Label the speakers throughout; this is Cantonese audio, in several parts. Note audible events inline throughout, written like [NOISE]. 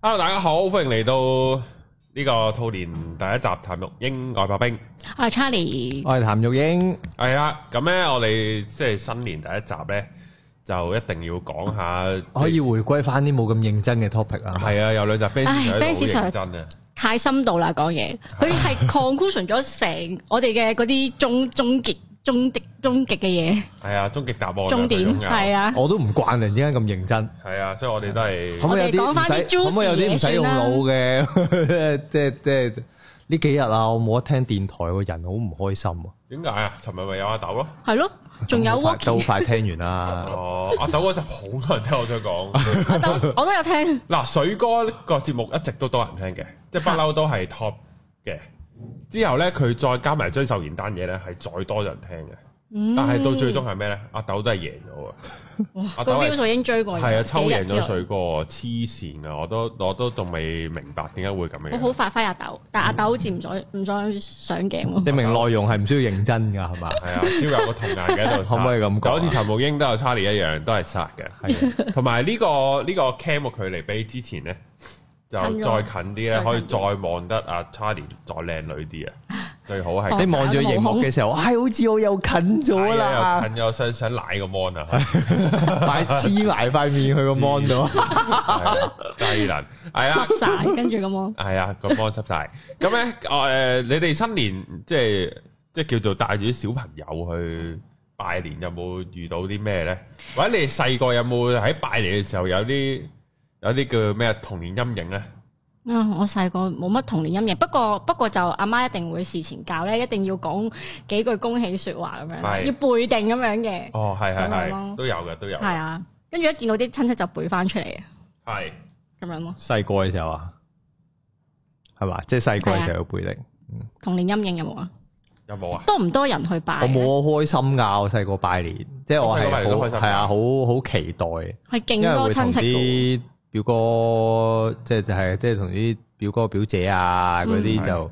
Speaker 1: hello，大家好，歡迎嚟到呢個兔年第一集談育鷹外拍兵。
Speaker 2: 我係 Charlie，我係
Speaker 1: 談育鷹。係啊，咁咧我哋即係新年第一集咧，就一定要講下可
Speaker 3: 以回歸翻啲冇咁認真嘅 topic 啊。係啊，有兩集 Benz Sir，Benz Sir 真嘅
Speaker 2: 太深度啦，講嘢佢係 conclusion 咗成我哋嘅嗰啲終終結。終極終極嘅嘢，
Speaker 1: 係啊，終極答案。重點係啊，我都唔慣你點解咁認真，係啊，所以我哋都係可唔可以講
Speaker 3: 翻啲豬事嘅先啦？可唔可以有啲唔使用腦嘅？即係即係呢幾日啊，我冇得聽電台，個人好唔開心啊！
Speaker 1: 點解啊？尋日咪有阿豆咯，
Speaker 2: 係咯，仲有
Speaker 3: 都快
Speaker 1: 聽完啦。哦，阿豆嗰集好多人聽，我想講阿豆，我都有聽。嗱，水哥呢個節目一直都多人聽嘅，即係不嬲都係 top 嘅。之後咧，佢再加埋張秀賢單嘢咧，係再多人聽嘅。
Speaker 2: 但係到最終係
Speaker 1: 咩咧？阿斗都係贏咗啊！阿斗基本上已經
Speaker 2: 追過，係啊，抽贏咗水
Speaker 1: 果，黐線啊！我都我都仲未明白點解會咁樣。我
Speaker 2: 好發揮阿斗，但阿斗好似唔再唔再上鏡。證明
Speaker 1: 內容係唔需要認真噶，係嘛？係啊，只要有個童顏嘅喺度，可唔可以咁講？就好似談育鷹都有查理一樣，都係殺嘅。係同埋呢個呢個 cam 嘅距離比之前咧，就再近啲咧，可以再望得阿 Charlie 再靚女啲啊！最好係即係望住熒幕嘅時候，係好似我又近咗啦，近咗想想賴個 mon 啊，快黐埋塊面去個 mon 度，雞卵係啊，
Speaker 2: 濕
Speaker 1: 晒，跟住個 mon 係啊，個 mon 濕晒。咁咧，哦誒，你哋新年即係即係叫做帶住啲小朋友去拜年，有冇遇到啲咩咧？或者你哋細個有冇喺拜年嘅時候有啲？有啲叫咩啊？童年陰影
Speaker 2: 咧，啊，我細個冇乜童年陰影，不過不過就阿媽一定會事前教咧，一定要講幾句恭喜說話咁樣，要背定咁樣嘅。
Speaker 1: 哦，係係係，都有嘅都有。
Speaker 2: 係啊，跟住一見到啲親戚就背翻出嚟啊。係，咁樣
Speaker 3: 咯。細個嘅時候啊，係嘛，即係細個嘅時候要背定。
Speaker 2: 童年陰影有冇啊？有冇啊？多唔多人去拜？我
Speaker 3: 冇開心啊！我細個拜年，即係我係好係啊，好好期待。
Speaker 2: 係勁多親戚。
Speaker 3: 表哥即係就係，即係同啲表哥表姐啊嗰啲、嗯、就，是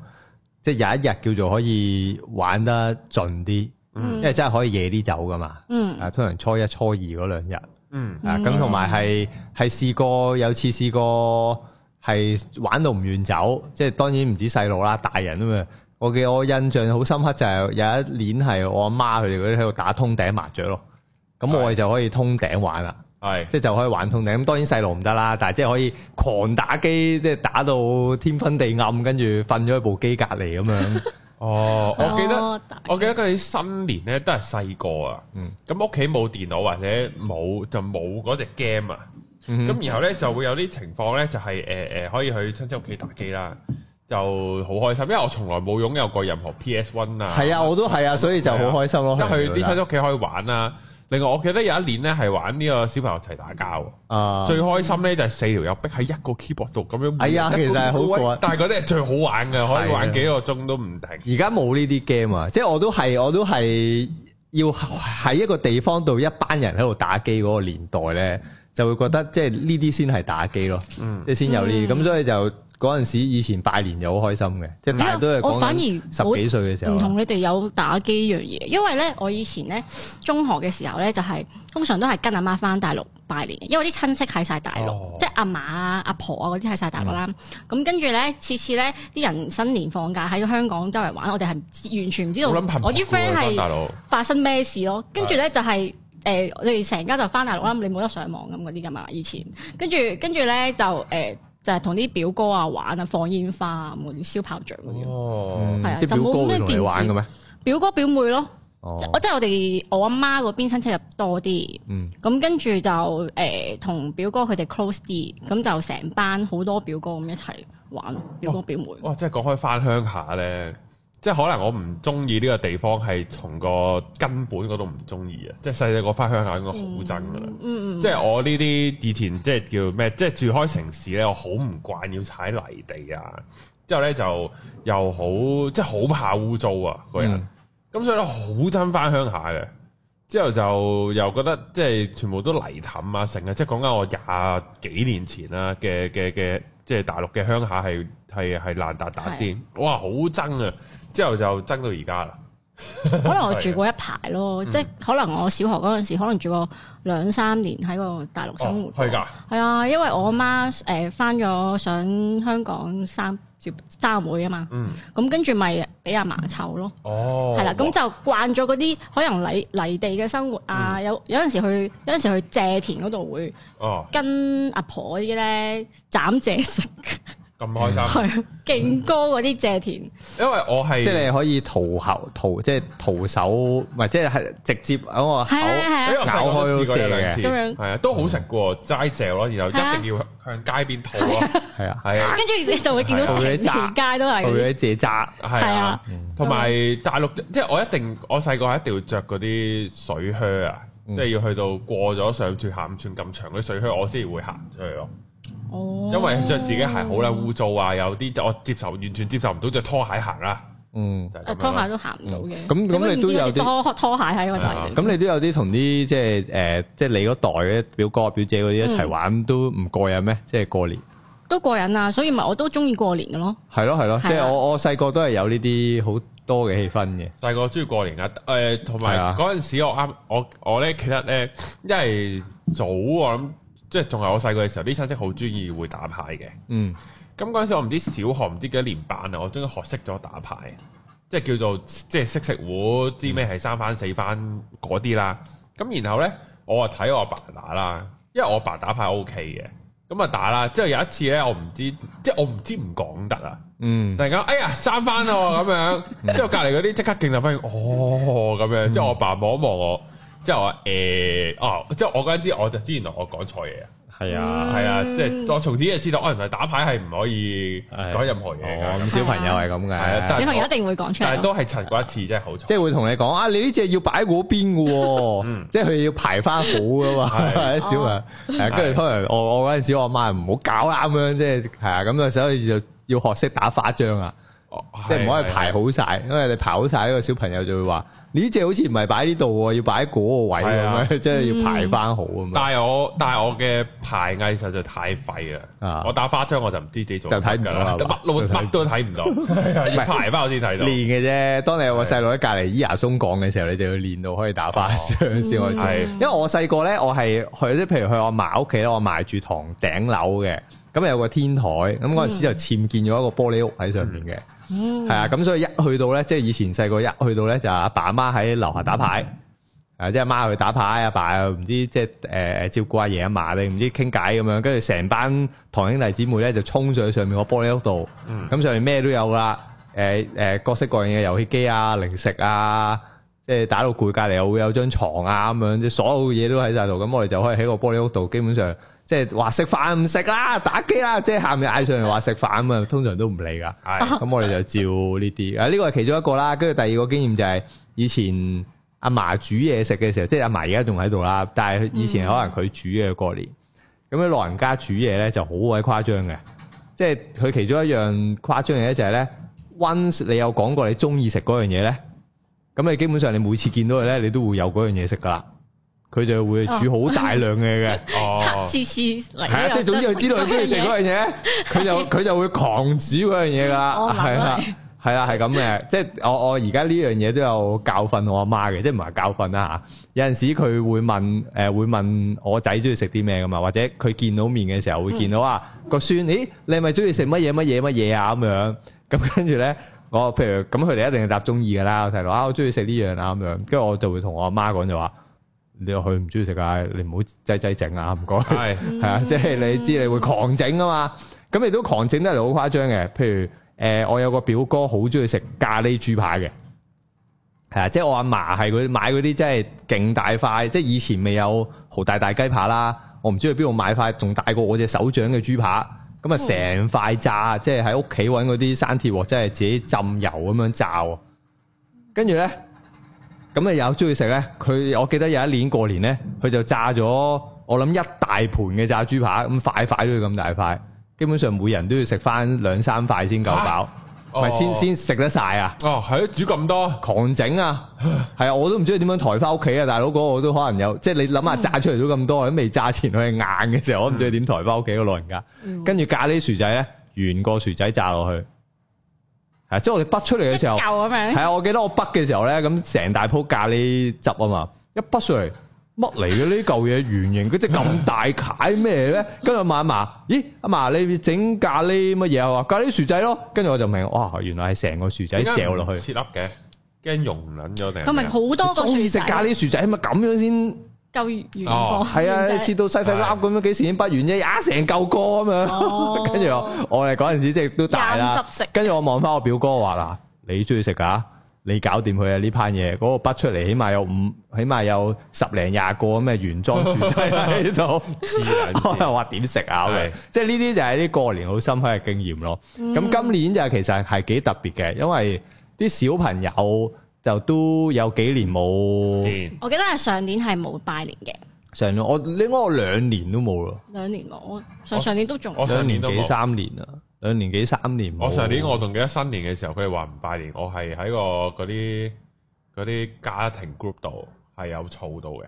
Speaker 3: 即係有一日叫做可以玩得盡啲，嗯、因為真係可以夜啲走噶嘛。嗯，啊通常初一初二嗰兩日。
Speaker 4: 嗯。啊，咁同埋係
Speaker 3: 係試過有次試過係玩到唔願走，即係當然唔止細路啦，大人啊嘛。我記我印象好深刻就係有一年係我阿媽佢哋啲喺度打通頂麻雀咯，咁我哋就可以通頂玩啦。是係，是即係就可以玩通頂，咁當然細路唔得啦，但係即係可以狂打機，即係打到天昏地暗，跟住瞓咗喺部機隔籬咁樣。
Speaker 1: [LAUGHS] 哦，我記得，哦、我記得佢新年咧都係細個啊，咁屋企冇電腦或者冇就冇嗰隻 game 啊，咁、嗯、然後咧就會有啲情況咧就係誒誒可以去親戚屋企打機啦，就好開心，因為我從來冇擁有，有過任何 P S One 啊，係啊，我都係啊，所以就好開心咯，啊、去啲親戚屋企可以玩啊。 [LAUGHS] 另外，我記得有一年咧，係玩呢個小朋友一齊打交，啊，最開心咧就係四條友逼喺一個 keyboard 度咁樣，係啊、哎呀，其實係好過，但係嗰啲係最好玩嘅， [LAUGHS] 可以玩幾個鐘都唔停。
Speaker 3: 而家冇呢啲 game 啊，嗯、即係我都係，我都係要喺一個地方度，一班人喺度打機嗰個年代咧，就會覺得、嗯、即係呢啲先係打機咯，即係先有呢啲，咁所以就。嗰陣時以前拜年又好開心嘅，即係都係、哎、我反而十幾歲嘅時候，唔同
Speaker 2: 你哋有打機樣嘢。因為咧，我以前咧中學嘅時候咧、就是，就係通常都係跟阿媽返大陸拜年嘅，因為啲親戚喺晒大陸，哦、即係阿嫲、啊、阿婆啊嗰啲喺晒大陸啦。咁跟住咧，次次咧啲人新年放假喺香港周圍玩，我哋係完全唔知道我啲 friend 係發生咩事咯。跟住咧就係、是、誒是、呃，我哋成家就返大陸啦。你冇得上網咁嗰啲㗎嘛？以前跟住跟住咧就誒。呃呃就係同啲表哥啊玩啊放煙花啊，冇燒炮仗嗰
Speaker 3: 啲，係啊就冇咩點玩嘅咩？
Speaker 2: 表哥表妹咯，
Speaker 3: 哦、我即係我
Speaker 2: 哋我阿媽嗰邊親戚入多啲，咁、嗯、跟住就誒同、欸、表哥佢哋 close 啲，咁就成班好多表哥咁一齊玩，表哥表妹。哇、
Speaker 1: 哦哦！即係講開返鄉下咧～即係可能我唔中意呢個地方，係從個根本嗰度唔中意啊！即係細細個翻鄉下應該好憎噶啦，
Speaker 4: 即係我
Speaker 1: 呢啲以前即係叫咩？即係住開城市咧，我好唔慣要踩泥地啊！之後咧就又好即係好怕污糟啊！個人咁、嗯、所以咧好憎翻鄉下嘅，之後就又覺得即係全部都泥凼啊，成日即係講緊我廿幾年前啊嘅嘅嘅，即係大陸嘅鄉下係係係爛撻撻啲，哇！好憎啊！之後就爭到而家啦。
Speaker 2: 可能我住過一排咯，的即係可能我小學嗰陣時，可能住過兩三年喺個大陸生活。係
Speaker 1: 噶。
Speaker 2: 係啊，因為我阿媽誒翻咗上香港生接生會啊嘛。嗯。咁跟住咪俾阿嫲湊咯。
Speaker 4: 哦。係啦，咁就
Speaker 2: 慣咗嗰啲可能泥泥地嘅生活啊，有有陣時去有陣時去蔗田嗰度會。哦。跟阿婆啲咧斬蔗食。
Speaker 1: 咁開心係啊，
Speaker 2: 勁高嗰啲蔗田，
Speaker 1: 因為我
Speaker 3: 係即係可以徒喉徒即係徒手，唔係即係直接咁啊，
Speaker 4: 咬開蔗嘅，咁樣係
Speaker 1: 啊，都好食噶，齋借咯，然後一定要向街邊徒咯，係啊，係啊，跟住你就會見到蔗渣，成街都係，蔗渣係啊，同埋大陸即係我一定，我細個一定要着嗰啲水靴啊，即係要去到過咗上寸下五寸咁長嗰啲水靴，我先會行出去咯。哦，因為着自己鞋好啦，污糟啊，有啲我接受完全接受唔到着拖鞋行啦。嗯，拖鞋
Speaker 2: 都行唔到嘅。咁咁你都有啲拖拖鞋喺個底。
Speaker 3: 咁你都有啲同啲即係誒，即係你嗰代嘅表哥表姐嗰啲一齊玩都唔過癮咩？即係過
Speaker 1: 年、嗯、
Speaker 2: 都過癮啊！所以咪我都中意過年嘅咯。
Speaker 1: 係咯係咯，即係我我細個都係有呢啲好多嘅氣氛嘅。細個中意過年啦。誒、呃，同埋嗰陣時我啱我我咧，其實咧，因為早我諗。即係仲係我細個嘅時候，啲親戚好中意會打牌嘅。嗯，咁嗰陣時我唔知小學唔知幾多年班啊，我終於學識咗打牌，即係叫做即係識食糊，知咩係三番四番嗰啲啦。咁、嗯、然後呢，我啊睇我阿爸打啦，因為我阿爸打牌 OK 嘅，咁啊打啦。之後有一次呢，我唔知，即係我唔知唔講得啊。嗯，突然間，哎呀，三番咯、啊、咁樣， [LAUGHS] 之後隔籬嗰啲即刻勁到翻，哦咁樣。之後、嗯、我阿爸望一望我。即係話誒，哦，即係我嗰陣時我就知原來我講錯嘢啊。係啊，係啊，即係我從此就知道，哦，唔係打牌係唔可以講任何嘢咁，小朋友係咁嘅，小朋
Speaker 2: 友一定會講錯，但係
Speaker 1: 都係錯過一次，真係好，
Speaker 3: 即係會同你講啊，你呢隻要擺喺邊嘅，即係佢要排翻好噶嘛，小明，跟住後來我嗰陣時，我阿媽唔好搞啦咁樣，即係係啊，咁嘅時候就要學識打花章啊，即係唔可以排好晒，因為你排好晒，呢個小朋友就會話。呢隻好似唔係擺呢度喎，要擺嗰個位咁啊！即係要排翻好啊！
Speaker 1: 但係我但係我嘅排藝實在太廢啦啊！我打花槍我就唔知自己就睇唔到，乜都睇唔到，要排翻我先睇到
Speaker 3: 練嘅啫。當你有個細路喺隔籬，依牙松講嘅時候，你就要練到可以打花槍先可以做。因為我細個咧，我係去啲，譬如去我嫲屋企，我買住堂頂樓嘅，咁有個天台，咁嗰陣時就僭建咗一個玻璃屋喺上面嘅。係啊，咁、嗯、 [MUSIC] 所以一去到咧，即、就、係、是、以前細個一去到咧，就阿爸阿媽喺樓下打牌，誒，即係阿媽去打牌，阿爸唔知即係誒誒照顧阿爺阿嫲你唔知傾偈咁樣，跟住成班堂兄弟姊妹咧就衝上去上面個玻璃屋度，咁上面咩都有啦，誒誒各式各樣嘅遊戲機啊、零食啊，即係打到攰，隔籬又會有張床啊咁樣，即所有嘢都喺晒度，咁我哋就可以喺個玻璃屋度，基本上。即係話食飯唔食啦，打機啦，即係下面嗌上嚟話食飯咁啊，通常都唔理噶。咁 [LAUGHS] 我哋就照呢啲。啊，呢個係其中一個啦。跟住第二個經驗就係以前阿嫲煮嘢食嘅時候，即係阿嫲而家仲喺度啦。但係以前可能佢煮嘢過年，咁樣、嗯、老人家煮嘢咧就好鬼誇張嘅。即係佢其中一樣誇張嘅咧就係咧 Once 你有講過你中意食嗰樣嘢咧，咁你基本上你每次見到佢咧，你都會有嗰樣嘢食噶啦。佢就會煮好大量嘅嘢，哦哦、次
Speaker 2: 次嚟係啊，即係總之佢知道佢中意食嗰樣嘢，
Speaker 3: 佢就佢就會狂煮嗰樣嘢噶，係、哦、啊，係啦，係咁嘅。即係我我而家呢樣嘢都有教訓我阿媽嘅，即係唔係教訓啦吓。有陣時佢會問誒、呃，會問我仔中意食啲咩噶嘛？或者佢見到面嘅時候會見到啊、嗯、個孫，誒你係咪中意食乜嘢乜嘢乜嘢啊咁樣？咁跟住咧，我譬如咁，佢哋一定係答中意噶啦。我聽到啊，我中意食呢樣啊咁樣，跟、啊、住我就會同我阿媽講就話。啊你又去唔中意食啊？你唔好擠擠整啊！唔該，係係啊，即係 [LAUGHS] 你知你會狂整啊嘛。咁你都狂整得嚟好誇張嘅。譬如誒、呃，我有個表哥好中意食咖喱豬扒嘅，係啊，即係我阿嫲係佢買嗰啲，真係勁大塊。即係以前未有豪大大雞排啦，我唔知去邊度買塊仲大過我隻手掌嘅豬扒。咁啊嘿，成塊炸，即係喺屋企揾嗰啲生鐵鑊，即係自己浸油咁樣炸。跟住咧。咁啊有中意食咧，佢我記得有一年過年咧，佢就炸咗我諗一大盤嘅炸豬扒，咁塊塊都要咁大塊，基本上每人都要食翻兩三塊先夠飽，咪先先食得晒啊！哦不，係啊，煮咁多狂整啊，係啊， [LAUGHS] 我都唔知佢點樣抬翻屋企啊！大佬嗰個我都可能有，即係你諗下炸出嚟都咁多，未炸前佢係硬嘅時候，我都唔知佢點抬翻屋企個老人家。跟住咖喱薯仔咧，圓個薯仔炸落去。係，即係我哋潷出嚟嘅時候，係啊，我記得我潷嘅時候咧，咁成大鋪咖喱汁啊嘛，一潷上嚟，乜嚟嘅呢舊嘢圓形，佢隻咁大楷咩咧？跟住我問阿嫲：媽媽「咦，阿嫲，你整咖喱乜嘢啊？話咖喱薯仔咯，跟住我就明，哇，原來係成個薯仔嚼落去，
Speaker 1: 切粒嘅，驚融捻咗定？
Speaker 2: 佢咪好多個中意食咖喱薯
Speaker 3: 仔，咪咁樣先。
Speaker 2: 夠原即係切到細細粒
Speaker 3: 咁樣，幾時已經不完啫？啊成嚿歌啊嘛！跟住我，我哋嗰陣時即係都大啦，跟住我望翻我表哥話嗱，你中意食噶？你搞掂佢啊！呢批嘢，嗰個筆出嚟，起碼有五，起碼有十零廿個咁嘅原裝樹仔喺度。我又話點食啊？你即係呢啲就係啲過年好深刻嘅經驗咯。咁今年就係其實係幾特別嘅，因為啲小朋友。就都有幾年冇，年
Speaker 2: 我記得係上年係冇拜年嘅。
Speaker 3: 上年我你應該我兩年都冇啦，
Speaker 2: 兩年冇，我上上年都仲，我兩
Speaker 3: 年幾三年啊，兩年幾三年我上年我
Speaker 1: 仲記得新年嘅時候，佢哋話唔拜年，我係喺個嗰啲啲家庭 group 度係有嘈到嘅。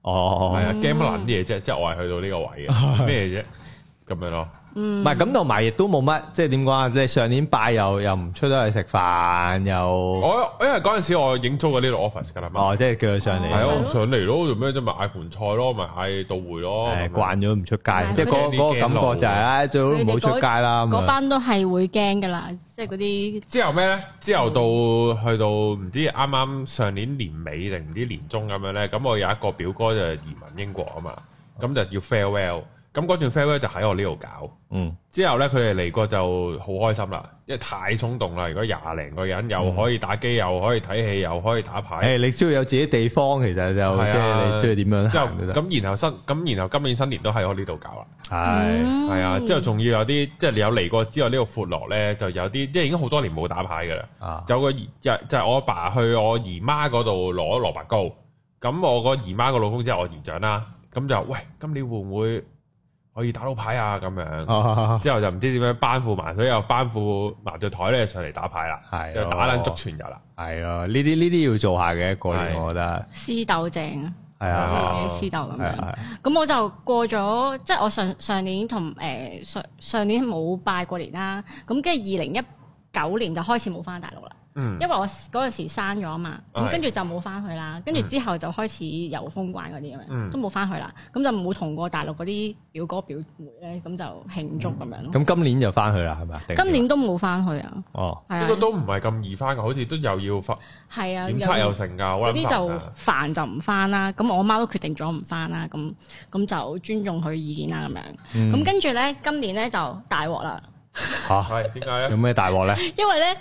Speaker 1: 哦，係啊是，驚乜諗啲嘢啫？即係、就是、我係去到呢個位嘅咩啫？咁樣咯。
Speaker 4: 唔係咁，
Speaker 3: 同埋亦都冇乜，即係點講啊？即係上年拜又又唔出得去食飯又。我因為嗰陣時我影租過
Speaker 1: 呢度 office 㗎啦
Speaker 3: 嘛。哦，即係叫佢上嚟。係啊，
Speaker 1: 上嚟咯，做咩啫？買盤菜咯，咪到會咯。係慣咗唔出街，即係嗰嗰個感覺就係咧，最好唔好出街啦。嗰班
Speaker 2: 都係會驚㗎啦，即係嗰啲。之
Speaker 1: 後咩咧？之後到去到唔知啱啱上年年尾定唔知年中咁樣咧，咁我有一個表哥就移民英國啊嘛，咁就要 farewell。咁嗰段 f a r e 就喺我呢度搞。嗯，之後咧，佢哋嚟過就好開心啦，因為太衝動啦。如果廿零個人又可以打機，嗯、又可以睇戲，嗯、又可以打牌，誒，
Speaker 3: 你需要有自己地方，其實就、啊、即係你中意點樣咧。之後
Speaker 1: 咁，然後新咁，然後今年新年都喺我呢度搞啦。係係是啊，啊嗯、之後仲要有啲即係你有嚟過之後，呢、這個闊落咧就有啲即係已經好多年冇打牌噶啦。啊、有個日就係、是、我阿爸，爸去我姨媽嗰度攞蘿蔔糕。咁我個姨媽個老公即係我姨丈啦。咁就喂，咁你會唔會？可以打到牌啊，咁樣，之後就唔知點樣班副埋，所以又班副麻雀台咧上嚟打牌啦，係，又打捻足全日啦，係啊，呢啲呢啲要做下嘅過年，我覺得
Speaker 2: 私斗正，
Speaker 1: 係
Speaker 3: 啊，私斗咁樣，
Speaker 2: 咁我就過咗，即係我上上年同誒上上年冇拜過年啦，咁跟住二零一九年就開始冇翻大陸啦。因為我嗰陣時生咗啊嘛，咁跟住就冇翻去啦，跟住之後就開始遊封關嗰啲咁樣，都冇翻去啦，咁就冇同過大陸嗰啲表哥表妹咧，咁就慶祝咁樣。
Speaker 1: 咁今年就翻去啦，係咪今年
Speaker 2: 都冇翻去啊？哦，
Speaker 1: 呢個都唔係咁易翻嘅，好似都又要翻，
Speaker 2: 係啊，檢測又成
Speaker 1: 㗎，好撚煩
Speaker 2: 㗎。煩就唔翻啦，咁我媽都決定咗唔翻啦，咁咁就尊重佢意見啦咁樣。咁跟住咧，今年咧就大鑊啦。
Speaker 3: 吓，係點解咧？有咩大鑊咧？為呢
Speaker 2: [LAUGHS] 因為咧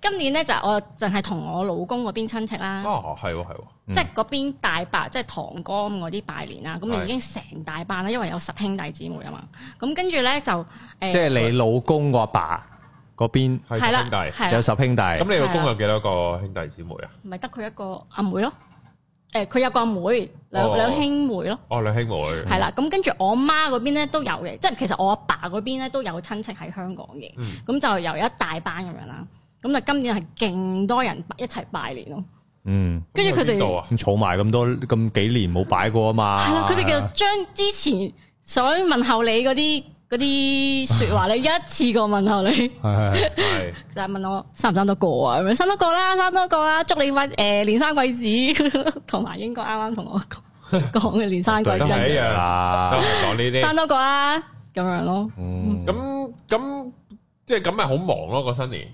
Speaker 2: 今年咧就是，我淨係同我老公嗰邊親戚啦。哦，
Speaker 1: 係係，即係
Speaker 2: 嗰邊大伯即係堂哥嗰啲拜年啦。咁的已經成大班啦，因為有十兄弟姊妹啊嘛。咁跟住咧就誒，欸、即係
Speaker 3: 你老公個阿爸嗰邊係十兄弟，的有十兄弟。咁的你老公有
Speaker 1: 幾多個兄弟姊妹啊？
Speaker 2: 唔係得佢一個阿妹咯。誒佢、欸、有個阿妹，兩兩兄妹
Speaker 1: 咯。哦，兩兄妹。係啦，
Speaker 2: 咁跟住我媽嗰邊咧都有嘅，即係其實我阿爸嗰邊咧都有親戚喺香港嘅，咁、嗯、就由一大班咁樣啦。咁就今年係勁多人一齊拜年咯。嗯，
Speaker 3: 跟住佢哋儲埋咁多咁幾年冇擺過啊嘛。係啦，佢哋就
Speaker 2: 將之前想問候你嗰啲，嗰啲說話你一次過問下你，就問我生唔生多個啊？生得個啦，生多個啦，祝你翻誒連生貴子，同埋英國啱啱同我講嘅連生貴子一
Speaker 1: 都啦，講呢啲生多
Speaker 2: 個啦，咁樣咯。
Speaker 1: 咁咁即係咁咪好忙咯？個新年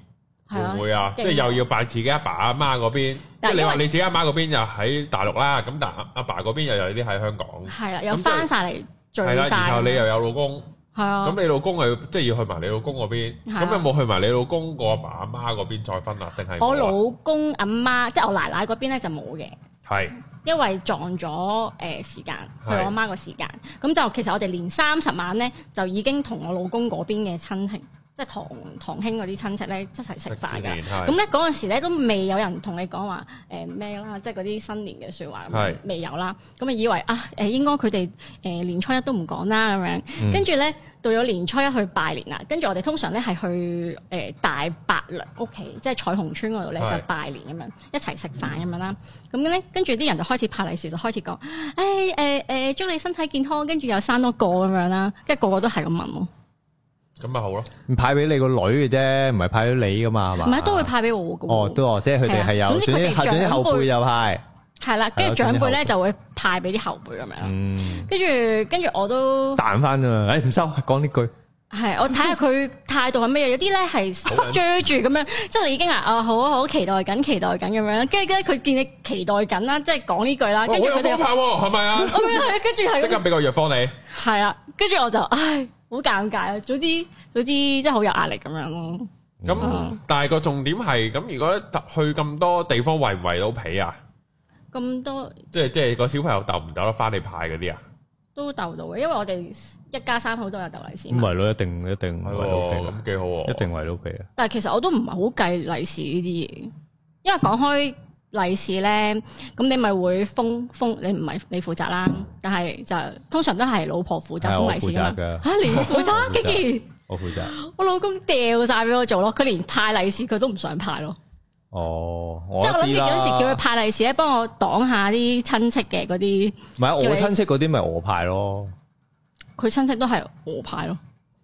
Speaker 1: 會唔會啊？即係又要拜自己阿爸阿媽嗰邊，但係你話你自己阿媽嗰邊又喺大陸啦，咁但係阿阿爸嗰邊又有啲喺香港，
Speaker 2: 係啊，又翻晒嚟聚晒，然後你
Speaker 1: 又有老公。係啊，咁 [NOISE] 你老公係即係要去埋你老公嗰邊，咁 [NOISE] 有冇去埋你老公個阿爸阿媽嗰邊再分啊？定係我
Speaker 2: 老公阿媽，即係我奶奶嗰邊咧就冇嘅，係是因為撞咗誒時間，去我阿媽個時間，咁是就其實我哋連三十晚咧就已經同我老公嗰邊嘅親情。即係堂堂兄嗰啲親戚咧，一齊食飯㗎。咁咧嗰陣時咧都未有人同你講話誒咩啦，即係嗰啲新年嘅説話，未有啦。咁啊以為啊誒應該佢哋誒年初一都唔講啦咁樣。跟住咧到咗年初一去拜年啊，跟住我哋通常咧係去誒大伯娘屋企，即係彩虹村嗰度咧就拜年咁樣，一齊食飯咁樣啦。咁咧跟住啲人就開始派利是時就開始講，誒誒誒祝你身體健康，跟住又生多個咁樣啦。跟住個個都係咁問喎。
Speaker 1: 咁咪
Speaker 3: 好咯，派俾你個女嘅啫，唔係派俾你噶嘛，係嘛？唔係都
Speaker 2: 會派俾我噶。哦，
Speaker 3: 都即係佢哋係有，即係後輩又派，
Speaker 2: 係啦，跟住長輩咧就會派俾啲後輩咁樣。跟住跟住我都
Speaker 3: 彈翻啫嘛，誒唔收，講呢句。
Speaker 2: 係我睇下佢態度係咩嘢，有啲咧係追住咁樣，即係已經啊，啊好好，期待緊，期待緊咁樣。跟住跟住佢見你期待緊啦，即係講呢句啦。跟住佢就派，係
Speaker 1: 咪啊？
Speaker 2: 跟住即刻俾個藥方你。係啊，跟住我就唉。好尷尬啊！總之總之，真係好有壓力咁樣咯。咁、嗯嗯、
Speaker 1: 但係個重點係咁，如果去咁多地方，圍唔圍到皮啊？
Speaker 2: 咁多
Speaker 1: 即係即係個小朋友鬥唔鬥得返你牌嗰啲啊？
Speaker 2: 都鬥到嘅，因為我哋一家三口都有鬥利是。唔
Speaker 1: 係咯，一定一定圍到皮咁幾好，啊，一定圍到皮啊！
Speaker 2: 但係其實我都唔係好計利是呢啲嘢，因為講開。 [LAUGHS] 利是咧，咁你咪會封封，你唔係你負責啦，但係就通常都係老婆負責封利是啊嘛，吓你負責，我負責，我老公掉晒俾我做咯，佢連派利是佢都唔想派咯，
Speaker 3: 哦，即係我諗住有時叫佢
Speaker 2: 派利是咧，幫你我擋下啲親戚嘅嗰啲，唔係我親戚
Speaker 3: 嗰啲咪我派咯，
Speaker 2: 佢親戚都係我派咯。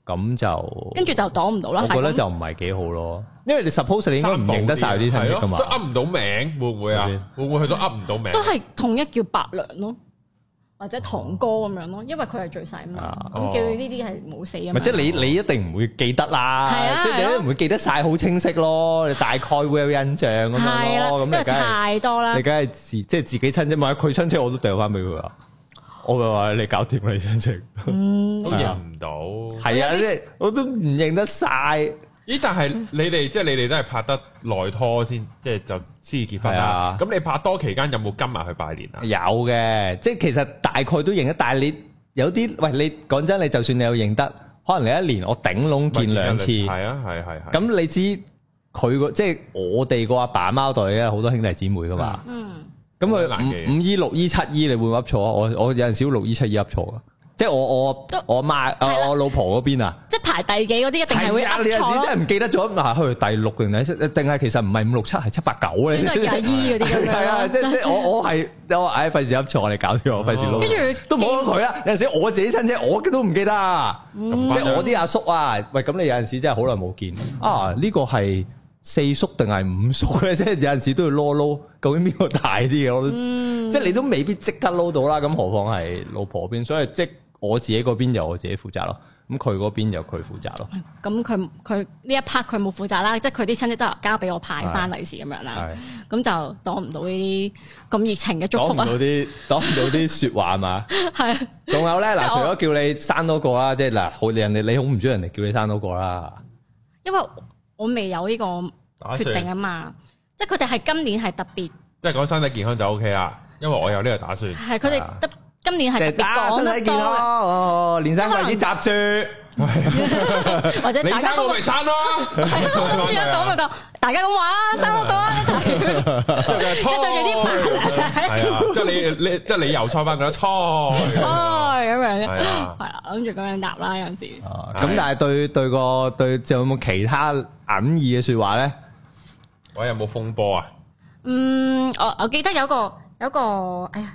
Speaker 3: 咁
Speaker 1: 就
Speaker 2: 跟住就擋唔到啦。我覺得
Speaker 1: 就唔係幾好咯，因
Speaker 3: 為你 suppose 你應該唔認得曬啲親戚噶嘛。都噏
Speaker 1: 唔到名，會唔會啊？會唔會佢都噏唔到名？都係
Speaker 2: 統一叫伯娘咯，或者堂哥咁樣咯，因為佢係最細啊嘛。咁叫呢啲係冇死啊嘛。即係你你
Speaker 3: 一定唔會記得啦。係啊，即係你都唔會記得晒好清晰咯。你大概會有印象咁樣咯。咁你梗係太多啦。你梗係自即係自己親戚，冇佢親戚我都掉翻俾佢啊。
Speaker 1: 我咪話你搞掂啦，你申請都認唔到，係啊，即係我都唔認得晒。咦？但係你哋即係你哋都係拍得耐拖先，即係就先至結婚啊。咁你拍拖期間有冇跟埋去拜年啊？有嘅，即係其
Speaker 3: 實大概都認得。但係你有啲，喂，你講真，你就算你有認得，可能你一年我頂籠見兩次，係啊，係係。咁你知佢個即係我哋個阿爸貓代啊，好多兄弟姊妹㗎嘛。嗯。咁佢五五姨六姨七姨，5, e, e, 你會唔會噏錯啊？我我有陣時六姨七姨噏錯噶，即係我我我媽誒我老婆嗰邊啊，即係
Speaker 2: 排第幾嗰啲一定係會噏錯咯。即係唔
Speaker 3: 記得咗，嗱、啊、去第六定第七定係其實唔係五六七，係七八九嘅。專係揀姨嗰啲。係啊，即係即係我我係又唉，費事噏錯，哋、哎、搞我費事撈。跟住都冇好佢啦。哦、有陣、嗯、時我自己親戚，我都唔記得。
Speaker 4: 嗯、即我啲阿叔
Speaker 3: 啊，喂，咁你有陣時真係好耐冇見 [LAUGHS] 啊？呢、這個係。四叔定係五叔咧，即係有陣時都要撈撈，究竟邊個大啲嘅？即係、嗯、你都未必即刻撈到啦。咁何況係老婆邊？所以即我自己嗰邊由我自己負責咯。咁佢嗰邊由佢負責咯。
Speaker 2: 咁佢佢呢一 part 佢冇負責啦，即係佢啲親戚都係交俾我派翻利是咁對樣啦。咁對就擋唔到啲咁熱情嘅祝福當，擋唔到
Speaker 3: 啲擋唔到啲說話嘛。係仲 [LAUGHS] 是 有咧嗱，我除咗叫你生多個啦，即係嗱，人哋你好唔中意人哋
Speaker 1: 叫你生多個啦，
Speaker 2: 因為我未有呢、這個。決定啊嘛，即係佢哋係今年係特別，
Speaker 1: 即係講身體健康就 OK 啦，因為我有呢個打算。係
Speaker 2: 佢哋今年係特別講得
Speaker 3: 多，連生帶子
Speaker 1: 集住，或者你生都咪生咯。而
Speaker 3: 家講咪
Speaker 2: 講，大家咁話啊，生得多啊，即係對住啲牌，
Speaker 4: 係啊，
Speaker 1: 即係你你即係你又錯翻佢，錯，錯
Speaker 2: 咁樣嘅，係啦，諗住咁樣答啦，有陣時。
Speaker 1: 咁但係
Speaker 3: 對對個對，仲有冇其他隱意嘅說話咧？
Speaker 1: 我有冇風波啊？
Speaker 2: 嗯，我我記得有個有個哎呀，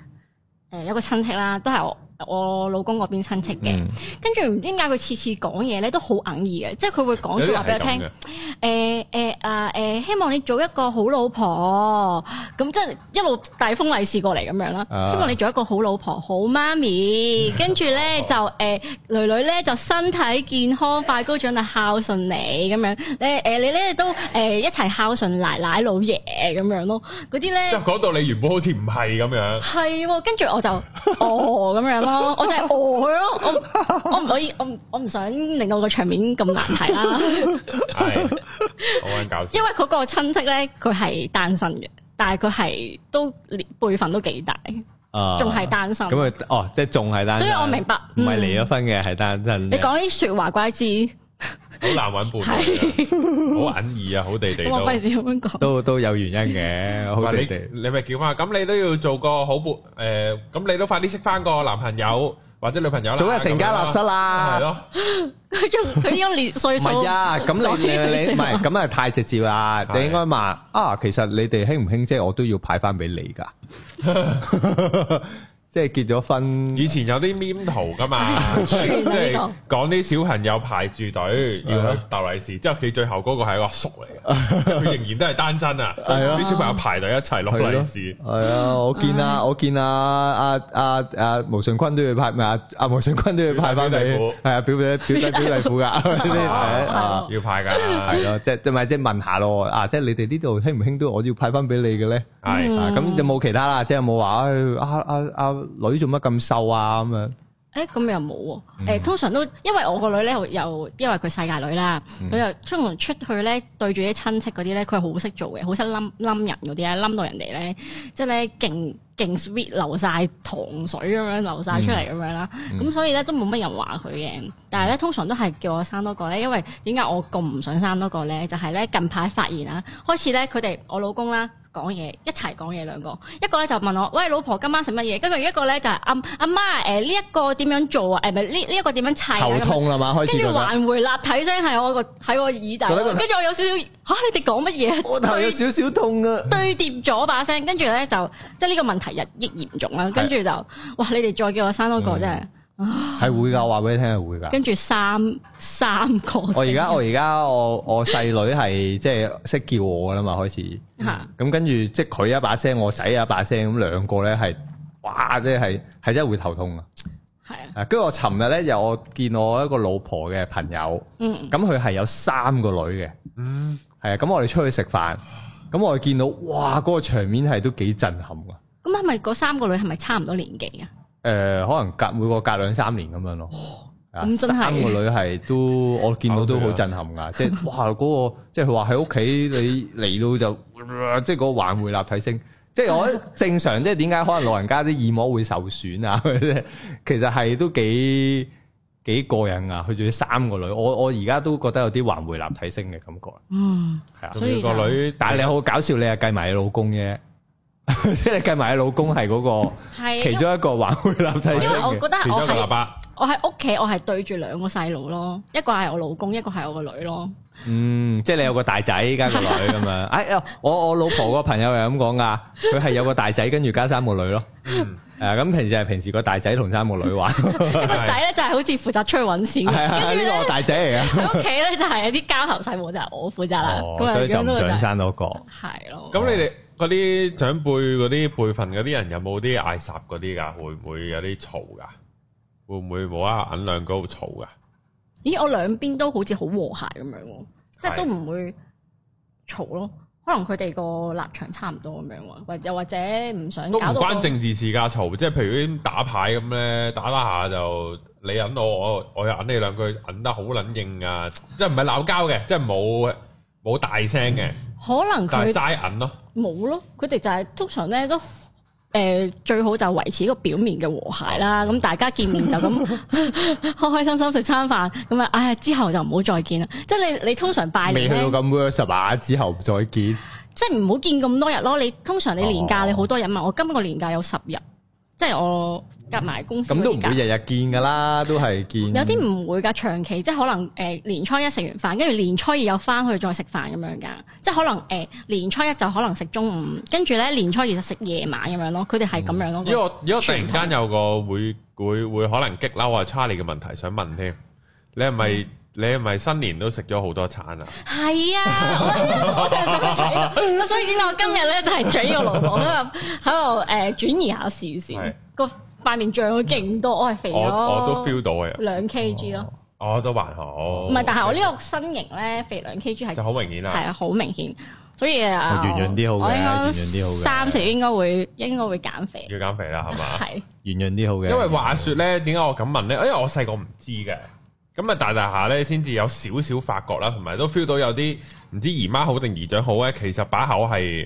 Speaker 2: 誒，有個親戚啦，都係我。我老公嗰邊親戚嘅，跟住唔知點解佢次次講嘢咧都好硬意嘅，即係佢會講說話俾我聽，誒誒、欸欸、啊誒希望你做一個好老婆，咁即係一路大封利是過嚟咁樣啦。希望你做一個好老婆、好媽咪，跟住咧就誒、欸、女女咧就身體健康、快高長大、孝順你咁樣，誒、欸、誒你咧都誒、欸、一齊孝順奶奶老爺咁樣咯，嗰啲咧。即係
Speaker 1: 講到你原本好似唔係咁樣。
Speaker 2: 係、哦，跟住我就哦咁樣咯。我就係餓佢咯，我我唔可以，我我唔想令到個場面咁難睇啦。係，好
Speaker 4: 鬼搞笑。 [LAUGHS] [LAUGHS] 因
Speaker 2: 為嗰個親戚咧，佢係單身嘅，哦、但係佢係都輩份都幾大，
Speaker 3: 仲、哦、係、就是、單身。咁啊，哦，即係仲係單身。所以我明白，唔係離咗婚嘅，係單身。你講
Speaker 2: 啲說話怪事。
Speaker 1: 好難揾伴好揾意啊，好地地都，都都有原因嘅，好地地。你咪叫嘛，咁你都要做個好伴。誒，咁你都快啲識翻個男朋友或者女朋友啦，早日成家立室啦，
Speaker 3: 係咯。佢應
Speaker 2: 佢應年歲數，唔係啊，咁你你唔係
Speaker 3: 咁啊，太直接啦，你應該話啊，其實你哋興唔興啫，我都要派翻俾你噶即係結咗
Speaker 1: 婚，以前有啲黏圖噶嘛，即係講啲小朋友排住隊要去逗利是，即係佢最後嗰個係一個叔嚟嘅，佢仍然都係單身啊。係啊，啲小朋友排隊一齊落去利是。
Speaker 3: 係啊，我見啊，我見啊，阿啊啊，毛舜筠都要派咩啊？阿毛舜筠都要派翻俾，係啊，表姐表弟表弟夫㗎，
Speaker 1: 要派㗎，係
Speaker 3: 咯，即即咪即問下咯，啊，即係你哋呢度興唔興都，我要派翻俾你嘅咧。係咁有冇其他啦，即係有冇話啊啊啊？女做乜咁瘦啊？咁
Speaker 2: 樣，誒，咁又冇喎。誒，通常都，因為我個女咧，又因為佢世界女啦，佢又出門出去咧，對住啲親戚嗰啲咧，佢好識做嘅，好識冧冧人嗰啲啊，冧到人哋咧，即係咧勁勁 sweet 流晒糖水咁樣流晒出嚟咁樣啦，咁、嗯、所以咧都冇乜人話佢嘅，但係咧通常都係叫我生多個咧，因為點解我咁唔想生多個咧？就係、是、咧近排發現啊，開始咧佢哋我老公啦講嘢一齊講嘢兩個，一個咧就問我，喂老婆今晚食乜嘢？跟住一個咧就係阿阿媽誒呢一個點樣做啊？誒唔係呢呢一個點樣砌？啊這個、樣頭痛啦嘛，開始啦嘛，跟住還回立體聲係我個喺我耳仔，跟住我有少少。吓！你哋講乜嘢？我頭有少
Speaker 3: 少痛啊。對
Speaker 2: 疊咗把聲，跟住咧就即係呢個問題日益嚴重啦。跟住就哇！你哋再叫我生多個真係
Speaker 3: 係會噶，我話俾你聽係會噶。跟
Speaker 2: 住三三個，我而家我而
Speaker 3: 家我我細女係即係識叫我噶啦嘛，開始吓咁，跟住即係佢一把聲，我仔一把聲，咁兩個咧係哇，即係係真係會頭痛啊。係啊，跟住我尋日咧又我見我一個老婆嘅朋友，嗯，咁佢係有三個女嘅，嗯。係咁我哋出去食飯，咁我哋見到哇，嗰、嗰個場面係都幾震撼噶。
Speaker 2: 咁係咪嗰三個女係咪差唔多年紀啊？
Speaker 3: 誒、呃，可能隔每個隔兩三年咁樣咯。哦、真三個女係都我見到都好震撼噶， [LAUGHS] 即係哇嗰個，即係佢話喺屋企你嚟到就，呃、即係個環迴立體聲，即係我覺得正常即係點解可能老人家啲耳膜會受損啊？其實係都幾。幾過癮啊！佢仲要三個女，我我而家都覺得有啲環迴立體聲嘅感覺。嗯，係啊，個女，但係你好搞笑，你係計埋你老公啫，即係計埋你老公係嗰個係其中一個環迴立體聲嘅。我覺得我係
Speaker 2: 我喺屋企，我係對住兩個細路咯，一個係我老公，一個係我個女咯。
Speaker 3: 嗯，即係你有個大仔加個女咁樣。哎呀，我我老婆個朋友又係咁講㗎，佢係有個大仔跟住加三個女咯。嗯。誒，咁平時係平時個大仔同三個女玩， [LAUGHS] 個仔
Speaker 2: 咧就係好似負責出去搵錢，跟住的
Speaker 3: 大仔嚟嘅。屋
Speaker 1: 企
Speaker 2: 咧就係啲家頭細務就係我負責啦。咁、哦、所以就唔想
Speaker 1: 生多個。係咯、嗯。咁你哋嗰啲長輩、嗰啲輩份、嗰啲人有冇啲嗌霎嗰啲噶？會唔會有啲嘈噶？會唔會冇啊？銀兩嗰度嘈噶？
Speaker 2: 咦，我兩邊都好似好和諧咁樣，即係都唔會嘈咯。可能佢哋個立場差唔多咁樣喎，或又或者唔想搞、嗰個。唔關政
Speaker 1: 治事架嘈，即係譬如打牌咁咧，打打下就你揞我，我我又揞你兩句，揞得好撚硬啊！即係唔係鬧交嘅，即係冇冇大聲嘅、嗯，
Speaker 4: 可
Speaker 2: 能佢但係齋揞咯，冇咯、就係，佢哋就係通常咧都。誒、呃、最好就維持一個表面嘅和諧啦，咁 [LAUGHS] 大家見面就咁開 [LAUGHS] 開心心食餐飯，咁、哎、啊，唉之後就唔好再見啦。即係你你通常拜年未去到
Speaker 3: 咁 WhatsApp 之後再見，
Speaker 2: 即係唔好見咁多日咯。你通常你年假你好多日嘛？哦、我今個年假有十日，即係我。夾埋公司咁都唔會日
Speaker 3: 日見㗎啦，都係見有啲
Speaker 2: 唔會㗎，長期即係可能誒年初一食完飯，跟住年初二又翻去再食飯咁樣㗎，即係可能誒年初一就可能食中午，跟住咧年初二就食夜晚咁樣咯，佢哋係咁樣咯。如果如
Speaker 1: 果突然間有個會會會可能激嬲啊，Charlie 嘅問題想問添，你係咪你係咪新年都食咗好多餐啊？
Speaker 4: 係 [LAUGHS] 啊，我最近食咗好多 [LAUGHS] 所以點解
Speaker 2: 我今日咧就係嘴個路講喺度喺度誒轉移下視線個。對哦 [LAUGHS] 塊面脹咗勁多，我係肥咯。我都 feel 到嘅。兩 kg 咯。
Speaker 1: 我都還好。唔係，但係我呢
Speaker 2: 個身形咧，肥兩 kg 係就好
Speaker 1: 明顯啦。係啊，
Speaker 2: 好明顯，所以啊，圓潤啲好嘅，圓
Speaker 1: 潤啲好嘅。三
Speaker 2: 成應該會應該會減肥。減
Speaker 1: 肥要減肥啦，係嘛？係。圓潤啲好嘅。因為話説咧，點解我咁問咧？因為我細個唔知嘅，咁啊大大下咧先至有少少發覺啦，同埋都 feel 到有啲唔知姨媽好定姨丈好咧，其實把口係。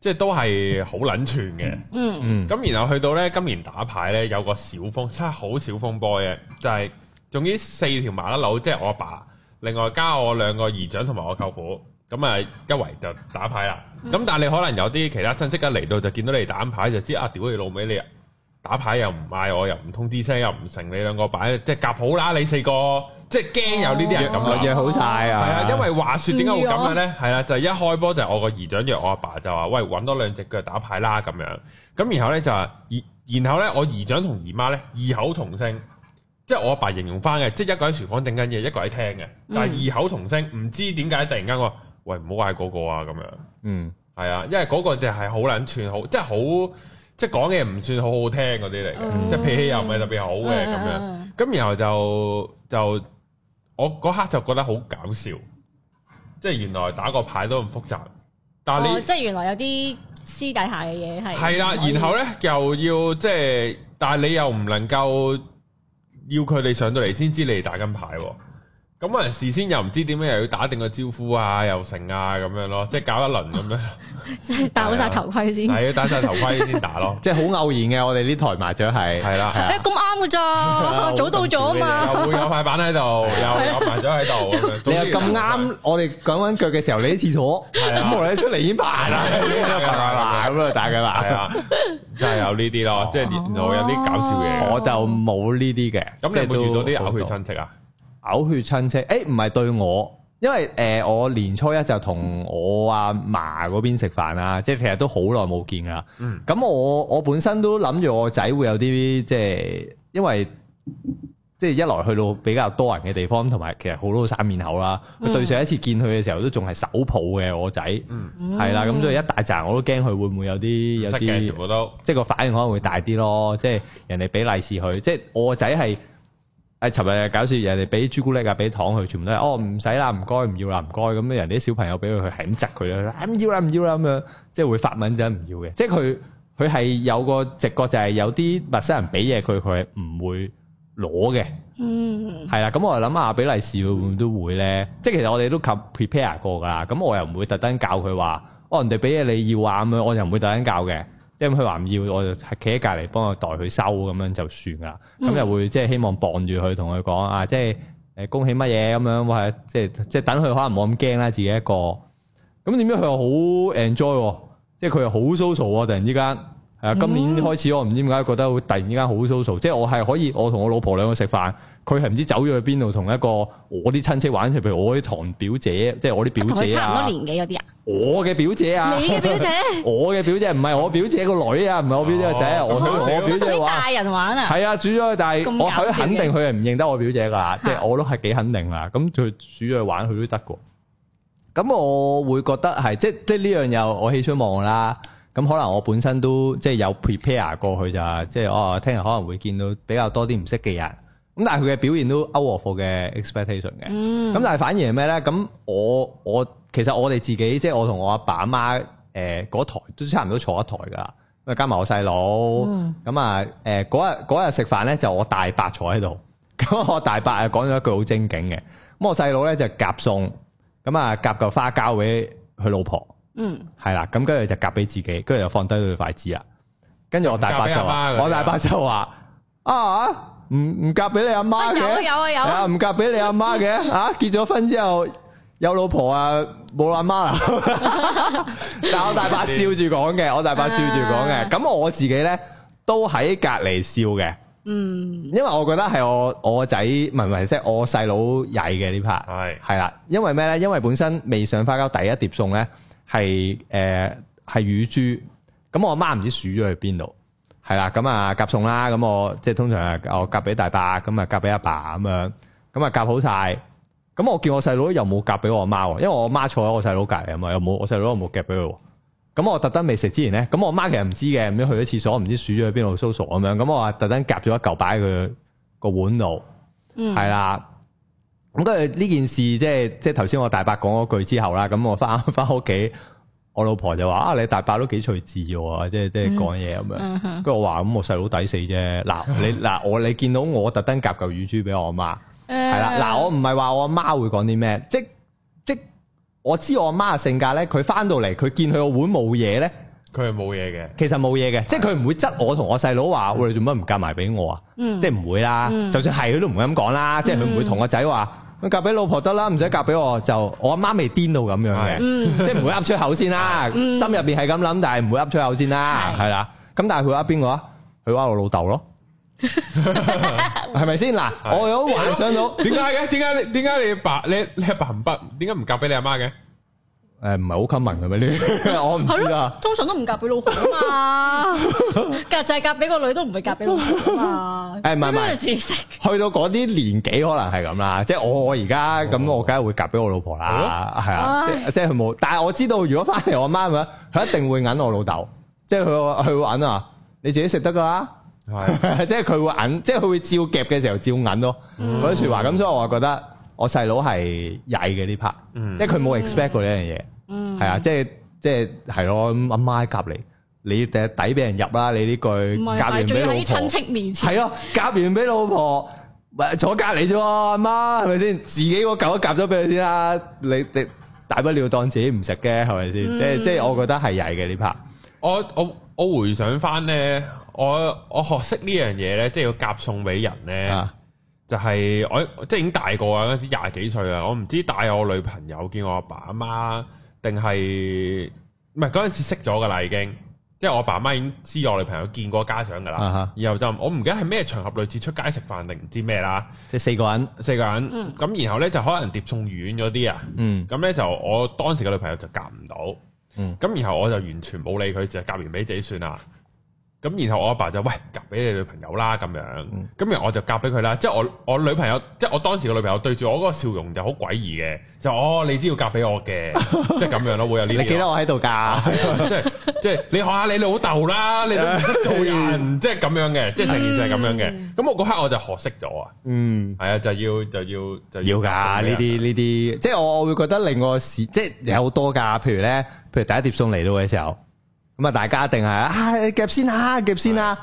Speaker 1: 即係都係好撚串嘅，嗯嗯。
Speaker 4: 咁然後
Speaker 1: 去到呢，今年打牌呢，有個小風，真係好小風波嘅，就係、是、總之四條麻甩佬，即係我阿爸，另外加我兩個姨丈同埋我舅父，咁啊、嗯、一圍就打牌啦。咁、嗯、但係你可能有啲其他親戚一嚟到就見到你打牌就知啊，屌你老味你打牌又唔嗌，我又唔通知聲又唔成你兩個擺，你兩個擺即係夾好啦！你四個即係驚有呢啲人咁樣約好晒啊！係啊，因為話說點解會咁樣咧？係啊，就一開波就係我個姨丈約我阿爸，爸就話喂，搵多兩隻腳打牌啦咁樣。咁然後咧就，然然後咧我姨丈同姨媽咧異口同聲，即係我阿爸，爸形容翻嘅，即係一個喺廚房整緊嘢，一個喺聽嘅，但係異口同聲，唔、嗯、知點解突然間話喂唔好嗌嗰個啊咁樣。嗯，係啊，因為嗰個就係好捻串，好即係好。就是即係講嘢唔算好好聽嗰啲嚟嘅，嗯、即係脾氣又唔係特別好嘅咁、嗯、樣。咁、嗯、然後就就我嗰刻就覺得好搞笑，即係原來打個牌都咁複雜。但係你、哦、即
Speaker 2: 係原來有啲私底下嘅嘢係係啦。的以然後咧
Speaker 1: 又要即係，但係你又唔能夠要佢哋上到嚟先知你打緊牌。咁啊！事先又唔知點樣，又要打定個招呼啊，又成啊，咁樣咯，即係搞一輪咁樣，
Speaker 2: 戴好晒頭盔先，係啊，戴晒
Speaker 1: 頭盔先打咯，即係好偶然嘅。我哋呢台麻雀係係
Speaker 3: 啦，誒
Speaker 2: 咁啱㗎咋，早到咗啊嘛，又會有
Speaker 3: 塊板喺度，又有麻雀喺度，咁啱，我哋講緊腳嘅時候，你喺廁所，咁冇理出嚟已經排啦，排埋埋咁啊，打緊牌啊，真係有呢啲咯，即係我有啲搞笑嘅，我就冇呢啲嘅，咁你有冇遇到啲扭曲親戚啊？狗血親戚，誒唔係對我，因為誒、呃、我年初一就同我阿嫲嗰邊食飯啊，即係其實都好耐冇見噶。咁、嗯、我我本身都諗住我仔會有啲即係，因為即係一來去到比較多人嘅地方，同埋其實好多生面口啦。嗯、對上一次見佢嘅時候，都仲係手抱嘅我仔、嗯，嗯，係啦。咁所以一大紮我都驚佢會唔會有啲有啲，即係個反應可能會大啲咯。即係人哋俾利是佢，即係我仔係。誒，尋日搞笑，人哋俾朱古力啊，俾糖佢，全部都係哦，唔使啦，唔該，唔要啦，唔該，咁咧人哋啲小朋友俾佢，佢係咁窒佢啦，唔要啦，唔要啦，咁樣，即係會發問啫，唔要嘅，即係佢佢係有個直覺，就係有啲陌生人俾嘢佢，佢係唔會攞嘅。嗯，
Speaker 4: 係
Speaker 3: 啦，咁我諗啊，俾利是會唔會都會咧，即係其實我哋都 prepare 過噶啦，咁我又唔會特登教佢話，哦人哋俾嘢你要啊咁樣，我又唔會特登教嘅。因為佢話唔要，我就企喺隔籬幫佢代佢收，咁樣就算㗎啦。咁、嗯、又會即係希望傍住佢，同佢講啊，即係誒恭喜乜嘢咁樣，哇！即係即係等佢可能冇咁驚啦，自己一個。咁點解佢又好 enjoy？即係佢又好 social，突然之間。誒，今年開始我唔知點解覺得會突然之間好 social 即係我係可以我同我老婆兩個食飯，佢係唔知走咗去邊度同一個我啲親戚玩，譬如我啲堂表姐，即係我啲表姐啊。佢差唔多年紀嗰啲啊。我嘅表姐啊，你嘅表姐，我嘅 [LAUGHS] 表姐，唔係 [LAUGHS] 我，我表姐個女啊，唔係我表姐個仔啊。哦、我、哦、我表姐玩。
Speaker 2: 大人玩啊。係啊，煮咗去大，我佢肯定
Speaker 3: 佢係唔認得我表姐噶，即係我都係幾肯定啦。咁佢煮咗去玩，佢都得嘅。咁我會覺得係即即呢樣又我氣出望啦。 [LAUGHS] 咁可能我本身都即係有 prepare 過去咋，即係哦，聽日可能會見到比較多啲唔識嘅人。咁但係佢嘅表現都 over 歐和 r 嘅 expectation 嘅。咁、嗯、但係反而係咩咧？咁我我其實我哋自己即係我同我阿爸阿媽誒嗰台都差唔多坐一台噶，啦，因為加埋我細佬。咁啊誒嗰日，嗰日食飯咧就我大伯坐喺度，咁我大伯啊講咗一句好精警嘅。咁我細佬咧就夾餸，咁啊夾個花膠俾佢老婆。嗯，係啦，咁跟住就夾俾自己，跟住就放低佢筷子啦。跟住我大伯就，媽媽我大伯就話：啊，唔唔夾俾你阿媽嘅？有啊有啊有啊，唔夾俾你阿媽嘅，啊結咗婚之後有老婆啊，冇阿媽啦。 [LAUGHS] 但我大伯笑住講嘅，我大伯笑住講嘅，咁、啊、我自己咧都喺隔籬笑嘅。嗯，因為我覺得係我我仔唔係唔係，即係我細佬曳嘅呢 part。係係啦，因為咩咧？因為本身未上花膠第一碟餸咧。係誒係乳豬，咁我媽唔知鼠咗去邊度，係啦，咁、嗯、啊夾餸啦，咁、嗯、我即係通常啊，我夾俾大伯，咁、嗯、啊夾俾阿爸咁樣，咁、嗯、啊夾好晒。咁、嗯、我叫我細佬又冇夾俾我阿媽喎，因為我阿媽坐喺我細佬隔離啊嘛，又冇我細佬又冇夾俾佢，咁我特登未食之前咧，咁我媽其實唔知嘅，咁去咗廁所，唔知鼠咗去邊度 so 咁樣，咁我話特登夾咗一嚿擺喺佢個碗度，
Speaker 4: 係啦。
Speaker 3: 咁跟住呢件事，即係即係頭先我大伯講嗰句之後啦，咁我翻翻屋企，我老婆就話啊，你大伯都幾趣致喎，即係即係講嘢咁樣。跟住我話咁，我細佬抵死啫。嗱，你嗱我你見到我特登夾嚿乳豬俾我阿媽，係啦，嗱我唔係話我阿媽會講啲咩，即即我知我阿媽嘅性格咧，佢翻到嚟佢見佢個碗冇嘢咧，佢係冇嘢嘅，其實冇嘢嘅，即係佢唔會質我同我細佬話，喂，你做乜唔夾埋俾我啊？即係唔會啦，就算係佢都唔會咁講啦，即係佢唔會同個仔話。咁嫁俾老婆得啦，唔使嫁俾我，就我阿媽未癲到咁樣嘅，的即係唔會噏出口先啦。的心入邊係咁諗，但係唔會噏出口先啦，係啦的。咁但係佢噏邊個啊？佢噏我老豆咯，係咪先？嗱的，我有幻想到，點解嘅？
Speaker 1: 點解的？點解你爸你你阿爸唔不？點解唔嫁俾你阿媽嘅？
Speaker 3: 誒，唔係好 common 嘅咩？呢？
Speaker 1: [LAUGHS] 我唔知啦。
Speaker 2: 通常都唔夾俾老婆啊嘛，夾 [LAUGHS] 就係夾俾個女都唔會夾俾老婆
Speaker 4: 啊嘛。
Speaker 3: 誒、欸，唔係去到嗰啲年紀可能係咁啦，即係我、哦、我而家咁，我梗係會夾俾我老婆啦，係、哦、啊，唉即係即係佢冇，但係我知道如果翻嚟我媽咪，佢一定會揞我老豆， [LAUGHS] 即係佢會揞啊，你自己食得噶啦，即係佢會揞，即係佢會照夾嘅時候照揞咯，嗰啲說話咁，所以我就覺得。我細佬係曳嘅呢 part，因為佢冇 expect 過呢樣嘢，
Speaker 2: 係、嗯、啊，即係
Speaker 3: 即係係咯，阿、啊、媽，媽夾你，你第底俾人入啦，你呢句是夾完俾老婆，係咯、 [LAUGHS] 啊，夾完俾老婆，坐隔離啫喎，阿媽係咪先？自己個舊夾咗俾佢先啦，你你大不了當自己唔食嘅係咪先？是是嗯、即係即係我覺得係曳
Speaker 1: 嘅呢 part。我我我回想翻咧，我我，我學識呢樣嘢咧，即係要夾送俾人咧。 [LAUGHS] 就係我即係已經大個啦，嗰陣時廿幾歲啦。我唔知帶我女朋友見我阿爸阿媽定係唔係嗰陣時識咗噶啦，已經即係我阿爸阿媽已經知我女朋友見過家長噶啦。然、啊、哈 後就我唔記得係咩場合，類似出街食飯定唔知咩啦。即係四個人，四個人咁，嗯、然後呢，就可能碟餸遠咗啲啊。咁呢、嗯，就我當時嘅女朋友就夾唔到。咁、嗯、然後我就完全冇理佢，就夾完畀自己算啦。咁然後我阿爸就喂，夾俾你女朋友啦咁樣，咁然後我就夾俾佢啦。即係我我女朋友，即係我當時個女朋友對住我嗰個笑容就好詭異嘅，就哦，你知要夾俾我嘅， [LAUGHS] 即係咁樣咯，會有呢啲。你記得我喺度夾，即係即係你學下你老豆啦，你都唔識做人， [LAUGHS] 即係咁樣嘅，即係成件事係咁樣嘅。咁我嗰刻我就學識咗啊，
Speaker 3: 嗯，
Speaker 1: 係啊，就要就要就要。有㗎呢啲呢
Speaker 3: 啲，即係我會覺得另外事，即係有好多㗎。譬如咧，譬如第一碟餸嚟到嘅時候。咁啊！大家一定係啊，夾先啊，夾先啊，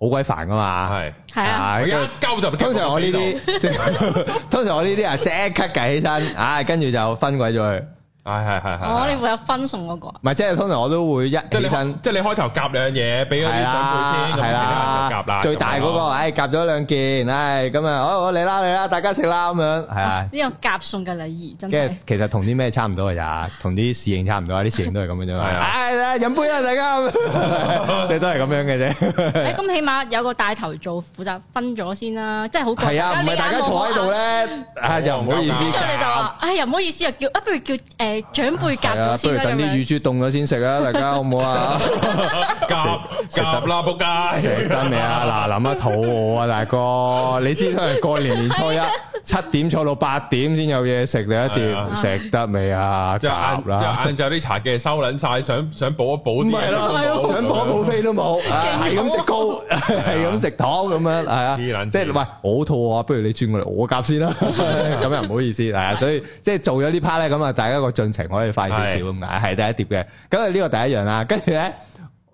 Speaker 3: 好鬼的煩㗎嘛，係的，係啊，
Speaker 1: 的通常我呢啲，
Speaker 3: [LAUGHS] [LAUGHS] 通常我呢啲 [LAUGHS] 啊，即刻計起身，啊，跟住就分鬼咗佢。係係係係，我哋
Speaker 2: 會有分送嗰個。唔
Speaker 3: 係即係通常我都會一，
Speaker 1: 即係你開頭夾兩嘢俾嗰啲酒杯先，咁其他人就夾啦。最大嗰個，
Speaker 3: 唉，夾咗兩件，唉，咁啊，我我嚟啦嚟啦，大家食啦咁樣，
Speaker 2: 係啊，呢個夾送嘅禮儀真係。
Speaker 3: 其實同啲咩差唔多啊，又，同啲侍應差唔多啊，啲侍應都係咁樣嘅啫嘛。唉，飲杯啦大家，即係都係咁樣嘅啫。誒，
Speaker 2: 咁起碼有個帶頭做負責分咗先啦，即係好。係啊，唔係大家坐喺度咧，
Speaker 3: 唉，又唔好意思。跟住就話，
Speaker 2: 唉，唔好意思啊，叫，不如叫誒。長輩夾先啦，不如等啲乳
Speaker 3: 豬凍咗先食啊！大家好
Speaker 1: 唔好啊？夾夾啦仆街，食得未啊？嗱，
Speaker 3: 諗下肚餓啊，大哥，你知都係過年年初一七點坐到八點先有嘢食，你一掂食得未啊？夾啦！就
Speaker 1: 啲茶記收撚晒，想想補一補啲，想補一補飛都冇，係咁
Speaker 3: 食糕，係咁食糖咁樣係啊！即係喂，係我肚餓啊？不如你轉過嚟我夾先啦，咁又唔好意思係啊！所以即係做咗呢 part 咧，咁啊，大家個進情可以快少少咁解，係的第一碟嘅。咁啊呢個第一樣啦，跟住咧，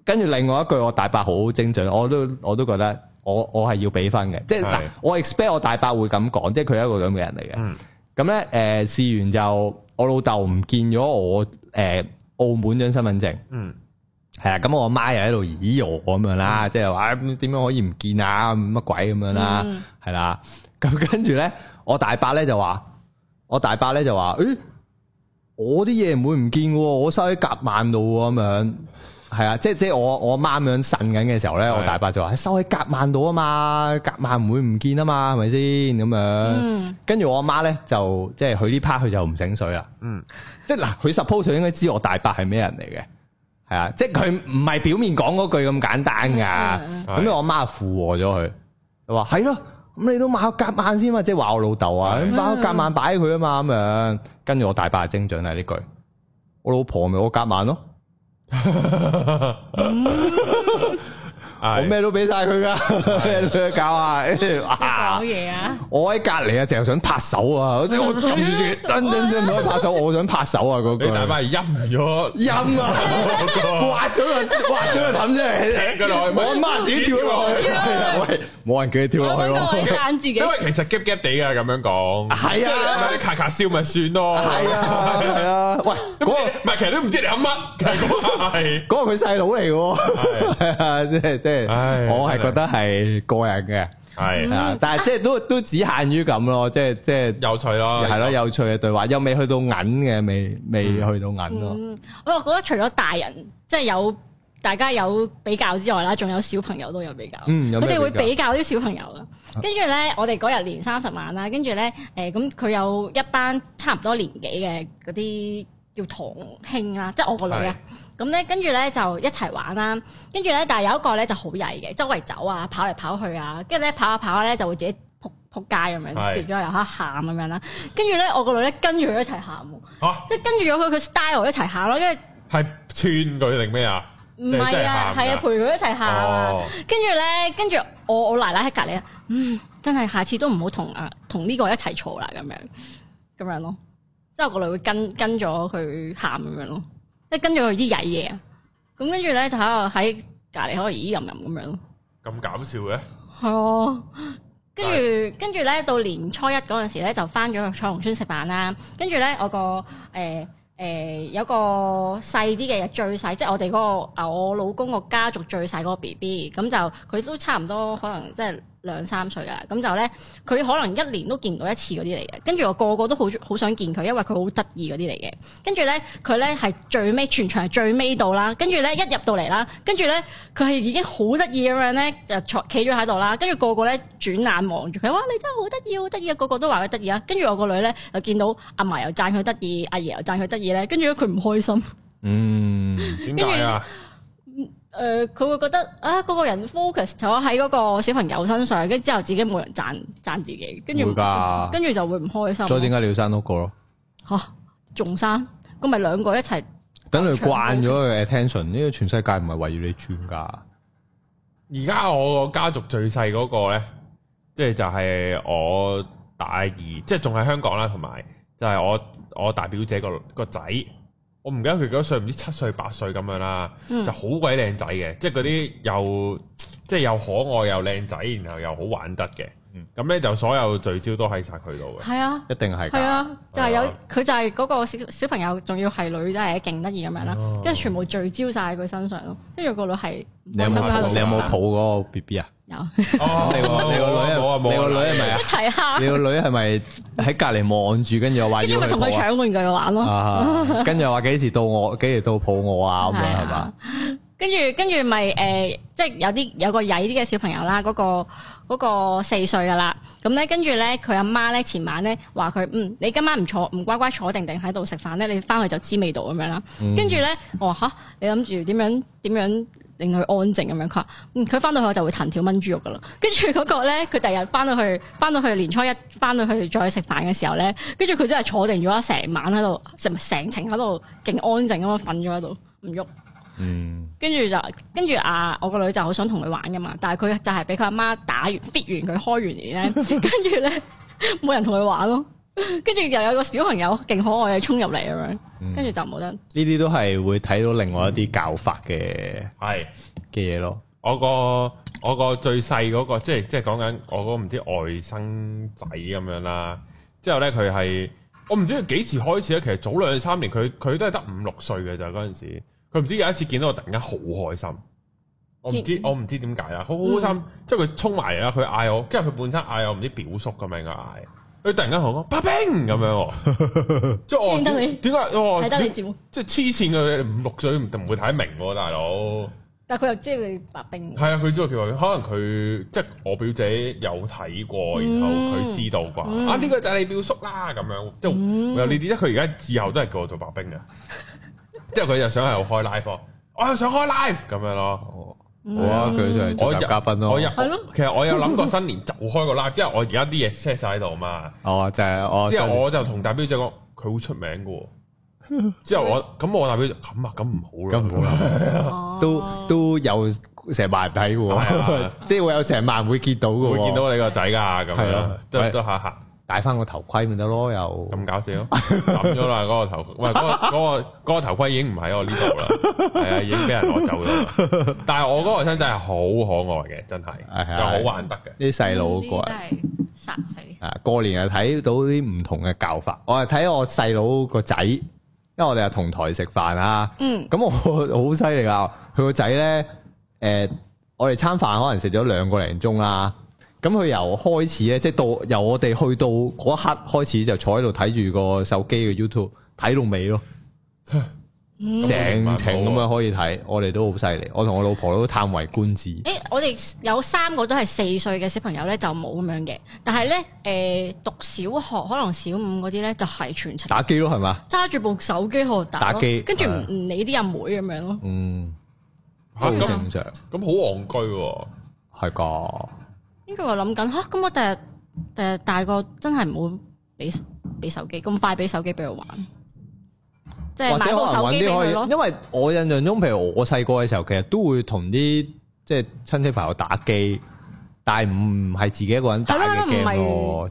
Speaker 3: 跟住另外一句，我大伯好精準，我都我都覺得我，我的我係要俾分嘅，即係我 expect 我大伯會咁講，即係佢係一個咁嘅人嚟嘅。咁咧、嗯，誒試完就我老豆唔見咗我誒、呃、澳門張身份證，嗯係啊，咁我阿媽又喺度咦咁樣啦，嗯、即係話點樣可以唔見啊，乜鬼咁樣啦，係啦、嗯，咁跟住咧，我大伯咧就話，我大伯咧就話，誒。欸我啲嘢唔會唔見喎，我收喺夾萬度咁樣，係啊，即係即係我我阿媽咁樣呻緊嘅時候咧，我大伯就話是的 收喺夾萬度啊嘛，夾萬唔會唔見啊嘛，係咪先咁樣？跟住我阿媽咧就即係佢呢 part 佢就唔醒水啦。嗯，即係嗱，佢 suppose 應該知我大伯係咩人嚟嘅，係啊，即係佢唔係表面講嗰句咁簡單噶，咁是的 我阿媽附和咗佢，佢話係咯。咁你都買我夾萬先嘛？即係話我老豆啊，是買我夾萬擺佢啊嘛，咁樣，跟住我大把精進係呢句，我老婆咪我夾萬咯。 [LAUGHS] [LAUGHS] [LAUGHS] 我咩都俾晒佢噶，搞下啊，搞嘢啊，我喺隔籬啊，淨係想拍手啊，即係我撳住，噔噔噔，我想拍手，我想拍手啊，嗰句。你大把人陰咗陰啊，挖咗個挖咗個氹啫，我阿媽自己跳落去，喂，
Speaker 1: 冇人叫你跳落去咯，
Speaker 4: 因
Speaker 2: 為
Speaker 1: 其實夾夾地啊咁樣講，係啊，咔咔笑咪算咯，係啊係啊，喂，嗰個唔係其實都唔知你喊乜，嗰
Speaker 3: 個佢細佬嚟嘅，即係即係。唉，我係覺得係個人嘅，係，但係即係都都只限於咁咯，即係即係有趣咯，係咯，有趣嘅對話，又未去到銀嘅，未未去到銀咯。
Speaker 2: 我又覺得除咗大人，即係有大家有比較之外啦，仲有小朋友都有比較，嗯，佢哋會比較啲小朋友啦。跟住咧，我哋嗰日年三十晚啦，跟住咧，誒，咁佢有一班差唔多年紀嘅嗰啲。叫唐興啦，即係我個女啊。咁咧是，跟住咧就一齊玩啦。跟住咧，但係有一個咧就好曳嘅，周圍走啊，跑嚟跑去啊。跟住咧，跑下跑下咧就會自己撲撲街咁樣，是樣，跌咗又嚇喊咁樣啦。跟住咧，我個女咧跟住佢一齊喊，即係跟住咗佢個 style 一齊喊咯。跟住
Speaker 1: 係串佢定咩啊？唔係啊，係啊，陪佢一齊喊。啊。
Speaker 2: 跟住咧，跟住我我，我奶奶喺隔離啊。嗯，真係下次，次都唔好同啊同呢個一齊嘈啦，咁樣咁樣咯。之後我個女會跟跟咗佢喊咁樣咯，即係跟住佢啲曳嘢啊。咁跟住咧就喺喺隔離可能依依吟吟咁樣。
Speaker 1: 咁搞笑嘅？
Speaker 2: 係、哦、跟住是跟住咧到年初一嗰陣時咧就翻咗去彩虹村食飯啦。跟住咧我個誒誒、呃呃、有個細啲嘅又最細，即、就、係、是、我哋嗰、那個啊我老公個家族最細嗰個 B B。咁就佢都差唔多可能即係。兩三歲噶啦，咁就咧，佢可能一年都見唔到一次嗰啲嚟嘅。跟住我個個都好好想見佢，因為佢好得意嗰啲嚟嘅。跟住咧，佢咧係最尾全場係最尾度啦。跟住咧一入到嚟啦，跟住咧佢係已經好得意咁樣咧就坐企咗喺度啦。跟住個個咧轉眼望住佢，哇！你真係好得意，好得意啊！個個都話佢得意啊。跟住我個女咧就見到阿嫲又讚佢得意，阿爺又讚佢得意咧。跟住佢唔開心。
Speaker 4: 嗯，點解 [LAUGHS] 著
Speaker 2: 誒佢、呃、會覺得啊，嗰個人 focus 咗喺嗰個小朋友身上，跟住之後自己冇人讚讚自己，跟住跟住就會唔開心、啊。所以點
Speaker 3: 解你要生多個咯？
Speaker 2: 嚇、啊，仲生咁咪兩個一齊
Speaker 3: 等佢慣咗個 attention，呢個全世界唔係為住你轉噶。
Speaker 1: 而家、嗯、我個家族最細嗰、嗰個咧，即係就係、係、我大二，即係仲喺香港啦，同埋就係我我大表姐個個仔。我唔記得佢幾多歲，唔知七歲八歲咁樣啦，嗯、就好鬼靚仔嘅，即係嗰啲又即係又可愛又靚仔，然後又好玩得嘅。嗯，咁咧就所有聚焦都喺晒佢度嘅，係啊，一定係。係啊，
Speaker 2: 就係有佢就係嗰個小小朋友，仲要係女仔，勁得意咁樣啦，跟住全部聚焦晒喺佢身上咯，跟住個女係你有冇你有冇抱
Speaker 3: 嗰個 BB 啊？有。哦，你個你個女，我啊冇，你個女係咪一
Speaker 2: 齊吓？你個女
Speaker 3: 係咪喺隔籬望住？跟住又玩。跟住咪同佢
Speaker 2: 搶玩具玩咯，跟
Speaker 3: 住又話幾時到我，幾時到抱我啊咁樣係嘛？
Speaker 2: 跟住跟住咪誒，即係有啲有個曳啲嘅小朋友啦，嗰個。嗰個四歲噶啦，咁咧跟住咧佢阿媽咧前晚咧話佢，嗯，你今晚唔坐唔乖乖坐定定喺度食飯咧，你翻去就知味道咁樣啦，嗯嗯。跟住咧我話吓，你諗住點樣點樣令佢安靜咁樣？佢話嗯，佢翻到去我就會藤條炆豬肉噶啦。跟住嗰個咧，佢第日翻到去翻到去年初一翻到去再食飯嘅時候咧，跟住佢真係坐定咗成晚喺度，成成程喺度勁安靜咁樣瞓咗喺度唔喐。嗯，跟住就，跟住啊，我個女就好想同佢玩噶嘛，但係佢就係俾佢阿媽打完 fit 完佢開完咧，完完完呢跟住咧冇人同佢玩咯，跟住又有個小朋友勁可愛嘅衝入嚟咁樣，跟住就冇得。
Speaker 3: 呢啲，嗯、都係會睇到另外一啲教法嘅
Speaker 1: 係嘅嘢咯。我個我個最細嗰，嗰個，即係即係講緊我嗰唔知外甥仔咁樣啦。之後咧佢係我唔知佢幾時開始咧，其實早兩三年佢佢都係得五六歲嘅咋。嗰陣時。佢唔知有一次見到我，突然間好開心。我唔知，我唔知點解啦，好開心。即係佢沖埋啦，佢嗌我，跟住佢本身嗌我唔知表叔咁樣嗌，佢突然間好白兵咁樣。即係我點解？我睇得你節目，即係黐線嘅，五六歲唔會睇明喎，大佬。
Speaker 2: 但係佢又知佢白兵，
Speaker 1: 係啊，佢知道叫白兵。可能佢即係我表姐有睇過，然後佢知道啩。啊，呢個就係你表叔啦咁樣。即係有呢啲，佢而家之後都係叫我做白兵嘅。之後佢就想喺度開 live，我又想開 live 咁樣咯。哦嗯、
Speaker 4: 哇，佢就係特邀嘉
Speaker 1: 賓咯。係咯，其實我有諗過新年就開個 live，因為我而家啲嘢 set 晒喺度嘛。哦，就係、是、我，之我就。之後我就同大表姐就講，佢好出名噶。之後我咁我大表姐咁啊，咁唔好啦，咁唔好啦，都都有成萬人睇噶，即係會有成萬人會見到噶，會見到你個仔噶咁樣，都都下下。戴翻 [LAUGHS] 個頭盔咪得咯，又咁搞笑諗咗啦。嗰、嗰個頭喂、嗰個嗰個、嗰個頭盔已經唔喺我呢度啦，係 [LAUGHS] 啊，已經俾人攞走咗。但係我嗰個身真係好可愛嘅，真係 [LAUGHS] 又好玩得嘅啲細
Speaker 3: 佬過真係殺死啊！過年又睇到啲唔同嘅教法， [LAUGHS] 我係睇我細佬個仔，因為我哋係同台食飯啊。嗯，咁我好犀利啊！佢個仔咧，誒、呃，我哋餐飯可能食咗兩個零鐘啦。咁佢由開始咧，即係到由我哋去到嗰一刻開始，就坐喺度睇住個手機嘅 YouTube 睇到尾咯，
Speaker 2: 成程咁樣可
Speaker 3: 以睇，嗯，我哋都好犀利。我同我老婆都嘆為觀止。
Speaker 2: 誒、欸，我哋有三個都係四歲嘅小朋友咧，就冇咁樣嘅，但係咧，誒，讀小學可能小五嗰啲咧就係全程打
Speaker 1: 機咯，係嘛？
Speaker 2: 揸住部手機喺度打，打機機，跟住唔理啲阿妹咁樣咯。
Speaker 1: 嗯，咁、嗯、正常，咁好戇居，係噶。
Speaker 2: 呢個我諗緊吓，咁、啊、我第日第日大個真係唔好俾俾手機，咁快俾手機俾佢玩，
Speaker 3: 即、就、係、是、買部手機咪咯。因為我印象中，譬如我細個嘅時候，其實都會同啲即係親戚朋友打機，但係唔係自己一個人打嘅、啊、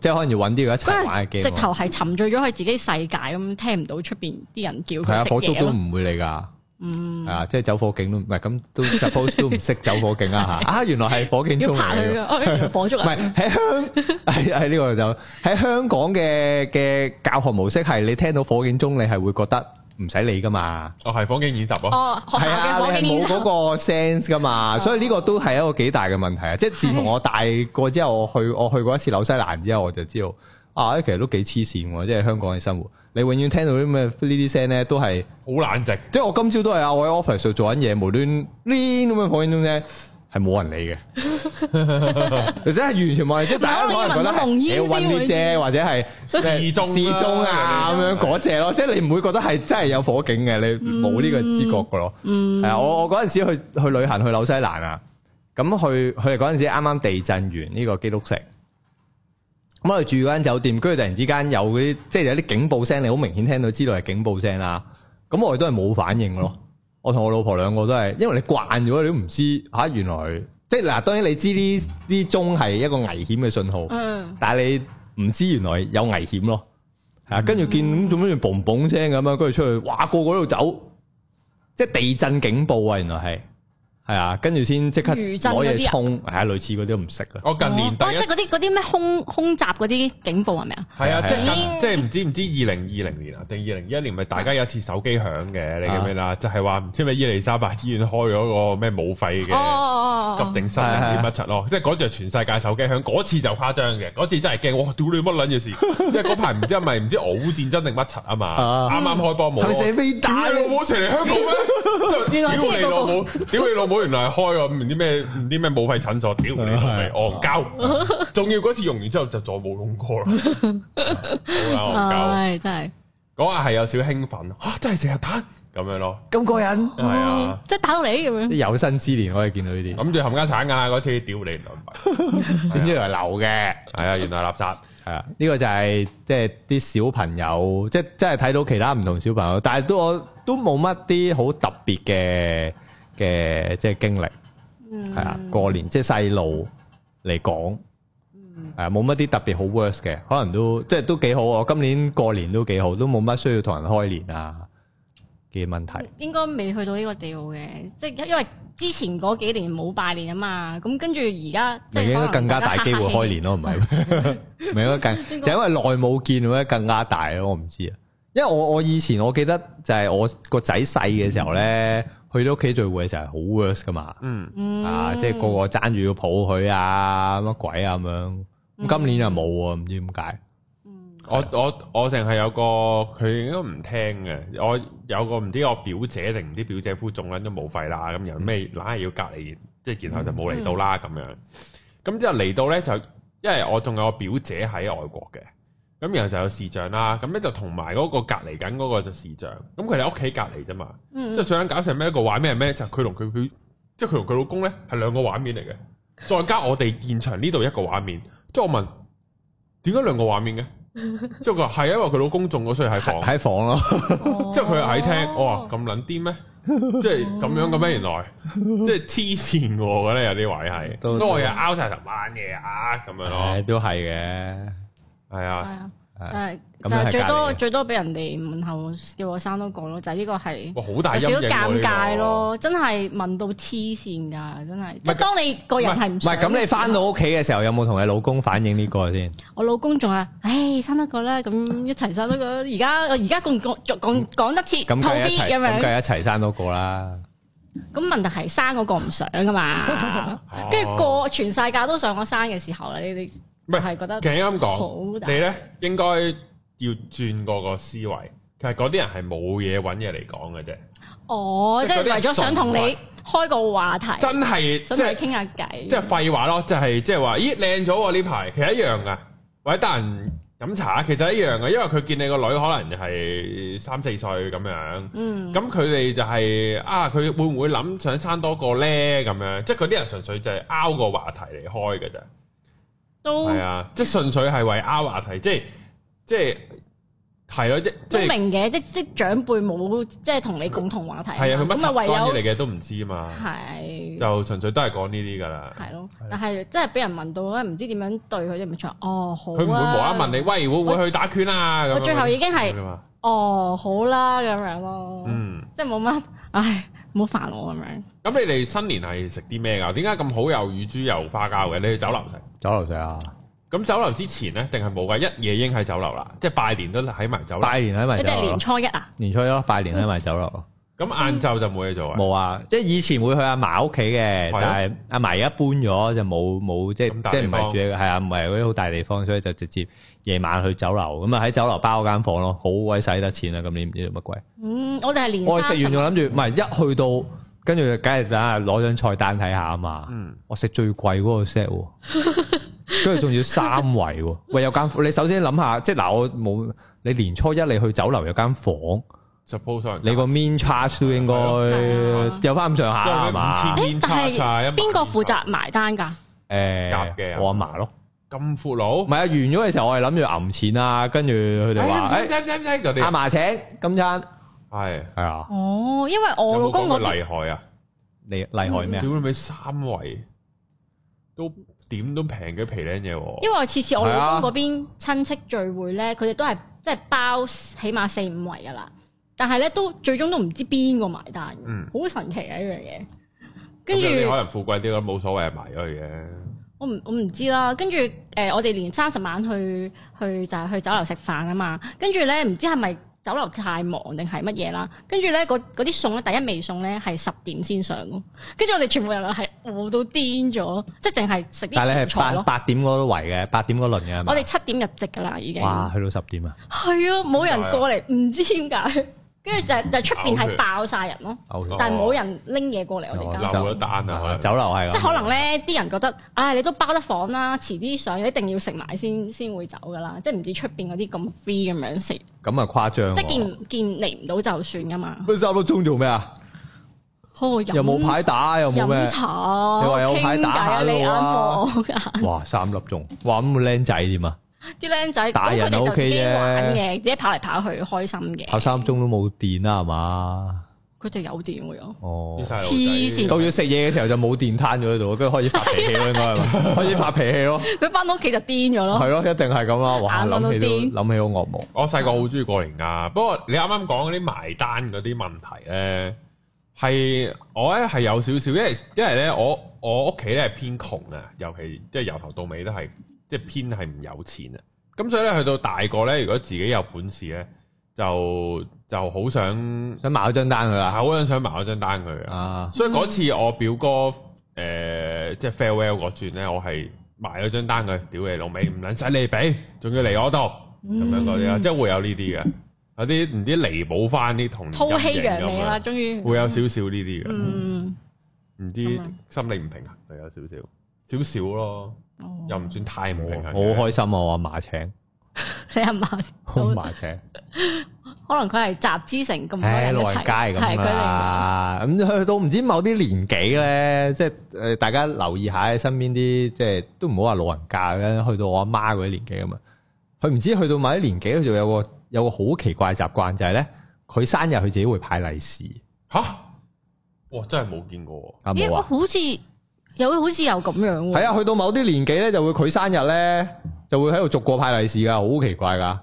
Speaker 3: 即係可能要搵啲佢一齊玩嘅機。直頭
Speaker 2: 係沉醉咗喺自己世界咁，聽唔到出邊啲人叫佢、啊、火燭都唔會嚟㗎。嗯，啊，
Speaker 3: 即係走火警都唔係咁， [LAUGHS] 都 suppose 都唔識走火警啊。吓、啊。 [LAUGHS] 啊，原來係火警鐘火燭唔係喺香，係係呢個就喺香港嘅嘅教學模式係你聽到火警鐘你係會覺得唔使理噶嘛。
Speaker 1: 哦，係火警演習
Speaker 3: 咯、啊。哦，係啊，你係冇嗰個 sense 噶嘛， [LAUGHS] 所以呢個都係一個幾大嘅問題啊！即係 [LAUGHS] 自從我大個之後，我去我去過一次紐西蘭之後，我就知道。啊！其實都幾黐線喎，即係香港嘅生活。你永遠聽到啲咩呢啲聲咧，都係好冷靜。即係我今朝都係阿我喺 office 度做緊嘢，無端端咁樣響響中啫，係冇人理嘅。真係完全冇人。即係大家可能覺得你要搵啲啫，或者係示蹤示蹤啊咁樣嗰隻咯。即係你唔會覺得係真係有火警嘅？你冇呢個知覺噶咯？係啊，我我嗰陣時去去旅行去紐西蘭啊，咁去去嗰陣時啱啱地震完呢個基督城。咁我住間酒店，跟住突然之間有啲，即係有啲警報聲，你好明顯聽到，知道係警報聲啦。咁我哋都係冇反應咯。嗯、我同我老婆兩個都係，因為你慣咗，你都唔知吓、啊，原來即係嗱、啊，當然你知呢啲鐘係一個危險嘅信號，嗯、但係你唔知原來有危險咯。係啊，跟住見咁做咩要嘣嘣聲咁樣，跟住、嗯、出去，哇，個個度走，即係地震警報啊！原來係。係啊，跟住先即刻攞嘢通，係啊，類似嗰啲唔識啊。我近年，哦，即係嗰
Speaker 2: 啲啲咩空空襲嗰啲警報係咪啊？係啊，即係
Speaker 1: 即係唔知唔知二零二零年啊，定二零二一年，咪大家有一次手機響嘅，你記唔記得？就係話唔知咪伊利沙伯醫院開咗個咩武肺嘅，急症室乜七咯，即係嗰陣全世界手機響，嗰次就誇張嘅，嗰次真係驚，哇屌你乜撚嘅事？因為嗰排唔知咪唔知俄烏戰爭定乜七啊嘛，啱啱開波冇。成屌你老母！屌你老母！我原來係開咁唔知咩唔知咩冇牌診所，屌你係咪戇交？仲要嗰次用完之後就再冇用過啦，戇交，真係嗰下係有少少興奮，吓真係成日打咁樣咯，
Speaker 2: 咁過癮係啊，即係打到你
Speaker 4: 咁
Speaker 1: 樣。有生之年可以見到呢啲，咁住冚家鏟噶嗰次，屌你唔係，點知係
Speaker 3: 流嘅？係啊，原來垃圾係啊，呢個就係即係啲小朋友，即係真係睇到其他唔同小朋友，但係都我都冇乜啲好特別嘅。嘅即係經歷，
Speaker 4: 係啊、嗯，過年即
Speaker 3: 係細路嚟講，係、就、啊、是，冇乜啲特別好 worse 嘅，可能都即係、就是、都幾好啊！今年過年都幾好，都冇乜需要同人開年啊嘅問題。
Speaker 2: 應該未去到呢個地步嘅，即係因為之前嗰幾年冇拜年啊嘛，咁跟住而家即係應該更加大機會開年咯、
Speaker 3: 啊，唔係咪？咪因更， [LAUGHS] [LAUGHS] [LAUGHS] 就因為耐冇見，會更加大咯。我唔知啊，因為我我以前我記得就係我個仔細嘅時候咧。嗯去到屋企聚會嘅時候係好 worse 噶嘛，
Speaker 4: 嗯、啊，即係個個
Speaker 3: 爭住要抱佢啊，乜鬼啊咁樣，
Speaker 1: 今年就冇喎，唔知點解、嗯的。我我我淨係有個佢都唔聽嘅，我有個唔知我表姐定唔知表姐夫仲咧都冇費啦，咁又咩，硬、嗯、係、嗯、要隔離，即係然後就冇嚟到啦咁、嗯嗯、樣。咁之後嚟到咧就，因為我仲有個表姐喺外國嘅。咁然後就有視像啦，咁咧就同埋嗰個隔籬緊嗰個就視像，咁佢哋屋企隔籬啫嘛，即係想搞成咩一個畫面係咩，就佢同佢佢，即係佢同佢老公咧係兩個畫面嚟嘅，再加我哋現場呢度一個畫面，即係我問，點解兩個畫面嘅？即係佢話係因為佢老公中咗衰喺房喺房咯，即係佢又喺廳，我話咁冷啲咩？即係咁樣嘅咩？原來即係黐線嘅，我覺得有啲位係，當我又拗晒頭彎嘢啊，咁樣咯，都係嘅。係啊，誒就最多
Speaker 2: 最多俾人哋問候叫我生多個咯，就係呢個係，少尷尬咯，真係問到黐線㗎，真係即係當你個人係唔唔，咁你翻到屋企
Speaker 3: 嘅時候有冇同你老公反映呢個先？
Speaker 2: 我老公仲話，誒生多個啦，咁一齊生多個，而家我而家共共仲講講得切，咁一齊咁計一
Speaker 3: 齊生多個啦。
Speaker 2: 咁問題係生個個唔想噶嘛，跟住個全世界都想我生嘅時候咧，呢啲。唔係，覺得驚咁講你咧，
Speaker 1: 應該要轉過個思維。其實嗰啲人係冇嘢搵嘢嚟講嘅啫。
Speaker 2: 哦，即係為咗想同你開個話題，真係是即係想傾下偈，即係
Speaker 1: 廢話咯。就係即係話，咦，靚咗呢排，其實一樣噶。或者得閒飲茶，其實一樣噶。因為佢見你個女可能係三四歲咁樣，嗯，咁佢哋就係、是、啊，佢會唔會諗想，想生多個咧？咁樣，即係嗰啲人純粹就係拗個話題嚟開嘅啫。係啊，即係純粹係為拗話題，即係即係係咯，即係都明
Speaker 2: 嘅，即係即係長輩冇即係同你共同話題，係啊，咁啊唯有嚟
Speaker 1: 嘅，都唔知啊嘛，係就純粹都係講呢啲噶啦，係
Speaker 2: 咯，但係即係俾人問到咧，唔知點樣對佢都唔錯，哦好，佢唔會無啦問你喂
Speaker 1: 會唔會去打拳啊？我最後已經係
Speaker 2: 哦好啦咁樣咯，嗯，即係冇乜，唉。唔好煩我咁樣。
Speaker 1: 咁你哋新年係食啲咩㗎？點解咁好有乳豬油花膠嘅？你去酒樓食。酒樓食啊！咁酒樓之前咧，定係冇㗎，一夜已經喺酒樓啦，即係拜年都喺埋酒樓。拜年喺埋。你哋年初一啊？年初一咯、啊，拜年喺埋酒樓。咁晏晝就冇嘢做，啊。冇啊！即係以前
Speaker 3: 會去阿嫲屋企嘅，但係阿嫲而家搬咗，就冇冇即係即係唔係住係啊？唔係嗰啲好大地方，所以就直接。夜晚去酒樓，咁啊喺酒樓包間房咯，好鬼使得錢啊！咁你唔知做乜鬼？嗯，
Speaker 2: 我哋係年我食完仲諗
Speaker 3: 住，唔係、嗯、一去到，跟住梗係等下攞張菜單睇下啊嘛。嗯，我食最貴嗰個 set，跟住仲要三圍。 [LAUGHS] 喂，有間你首先諗下，即係嗱，我冇你年初一你去酒樓有間房，suppose 你個 min charge 都應該有翻咁上下係嘛？誒、嗯，但係
Speaker 2: 邊個負責埋單噶？
Speaker 3: 誒，夾嘅，我阿媽咯。咁闊佬唔係啊，完咗嘅時候我係諗住揞錢啊，跟住佢哋話，
Speaker 1: 阿媽請今餐，係係啊，哦，因為我老公嗰邊厲害啊，厲厲害咩？點解咪三圍都點都平嘅皮靚嘢？因為次次我老公嗰
Speaker 2: 邊親戚聚會咧，佢哋都係即係包起碼四五圍噶啦，但係咧都最終都唔知邊個埋單，嗯，好神奇啊呢樣嘢，
Speaker 1: 跟住可能富貴啲咯，冇所謂啊埋咗去嘅。
Speaker 2: 我唔、呃、我唔知啦，跟住誒我哋連三十晚去去就係、是、去酒樓食飯啊嘛，跟住咧唔知係咪酒樓太忙定係乜嘢啦？跟住咧嗰啲餸咧第一味餸咧係十點先上，跟住我哋全部人係餓到癲咗，即係淨係食啲前菜。但係八八
Speaker 3: 點嗰個圍嘅，八點嗰輪嘅係咪？我哋
Speaker 2: 七點入席㗎啦，已經。哇！去到十點啊！係啊，冇人過嚟，唔知點解。跟住就就出邊係爆曬人咯，但係冇人拎嘢過嚟我哋間
Speaker 3: 酒樓。留咗單啊，酒樓係即係可
Speaker 2: 能咧，啲人覺得，唉，你都包得房啦，遲啲上一定要食埋先先會走噶啦，即係唔似出邊嗰啲咁 free 咁樣食。
Speaker 3: 咁啊誇張！即係見
Speaker 2: 見嚟唔到就算噶嘛。
Speaker 3: 咁三粒鐘做咩
Speaker 2: 啊？又冇牌打，又冇咩？飲茶，你話有牌打啊？你啱過？
Speaker 3: 哇！三粒鐘，咁靚仔點啊？
Speaker 2: 啲僆仔打人 O K 嘅，自己跑嚟跑去開心嘅
Speaker 3: 跑三鐘都冇電啦，係嘛？
Speaker 2: 佢就有電嘅哦。
Speaker 3: 黐線，到要食嘢嘅時候就冇電癱咗喺度，跟住開始發脾氣咯，應該係嘛？開始發脾氣咯。
Speaker 2: 佢翻到屋企就癲咗咯。係
Speaker 1: 咯，一定係咁啊！諗起諗起好噩夢。我細個好中意過年噶，不過你啱啱講嗰啲埋單嗰啲問題咧，係我咧係有少少，因為因為咧我我屋企咧係偏窮啊，尤其即係由頭到尾都係。即係偏係唔有錢啊！咁所以咧，去到大個咧，如果自己有本事咧，就就好想想埋咗張單佢啦，好想想埋嗰張單佢啊！所以嗰次我表哥誒、呃，即係 farewell 個轉咧，我係埋咗張單佢，屌你老味，唔撚使你俾，仲要嚟我度，
Speaker 4: 咁、嗯、樣嗰啲啊，即
Speaker 1: 係會有呢啲嘅，有啲唔知彌補翻啲同，偷氣揚氣啦，終於會有少少呢啲嘅，
Speaker 4: 嗯，
Speaker 1: 唔、嗯、知、嗯、心理唔平衡，就有少少。少少咯，又唔算太冇、哦，我好開心
Speaker 3: 啊！我阿嫲請，
Speaker 2: [LAUGHS] 你阿嫲嗎， [LAUGHS]
Speaker 3: 我阿嫲
Speaker 1: 請，
Speaker 2: [LAUGHS] 可能佢係集資成咁，誒、哎，老人家咁啊，咁
Speaker 3: 去到唔知某啲年紀咧，即係誒，大家留意下身邊啲，即係都唔好話老人家啦，去到我阿媽嗰啲年紀啊，佢唔知去到某啲年紀，佢就有個有個好奇怪習慣，就係咧，佢生日佢自己會派利是，吓，
Speaker 1: 哇，真係冇見過，
Speaker 3: 阿媽啊，欸、
Speaker 2: 好似。又會好似又咁樣喎、啊？係啊，去到某
Speaker 3: 啲年紀咧，就會佢生日咧，就會喺度逐個派利是噶，好奇怪噶。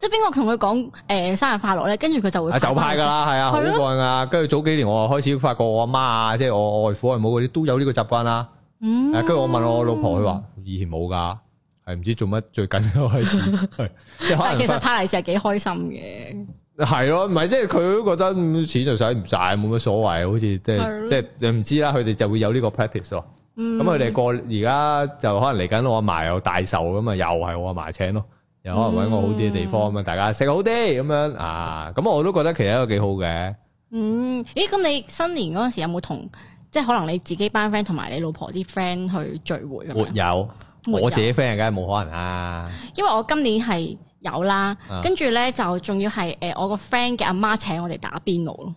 Speaker 2: 即係邊個同佢講誒生日快樂咧？跟住佢就會派就派噶啦，係啊，好
Speaker 3: 慣噶。跟住早幾年我開始發覺我阿媽啊，即係我外父外母嗰啲都有呢個習慣啦。
Speaker 2: 嗯。跟住我問
Speaker 3: 我老婆，佢話以前冇噶，係唔知做乜最近開始係。 [LAUGHS] [LAUGHS] 但係其實派
Speaker 2: 利是係幾開心嘅。
Speaker 3: 係咯，唔係即係佢都覺得錢就使唔晒，冇乜所謂，好似即係的即係，就唔知啦。佢哋就會有呢個 practice 咯。咁佢哋過而家就可能嚟緊我阿嫲有大壽，咁啊又係我阿嫲請咯，又可能搵個好啲嘅地方咁，嗯，啊，大家食好啲咁樣啊。咁我都覺得其實都幾好嘅。
Speaker 2: 嗯，誒，咁你新年嗰陣時有冇同即係可能你自己班 friend 同埋你老婆啲 friend 去聚會咁啊？沒
Speaker 3: 有，沒有我自己 friend 梗係冇可能啊。
Speaker 2: 因為我今年係。有啦，跟住咧就仲要係誒我個 friend 嘅阿媽請我哋打邊爐咯，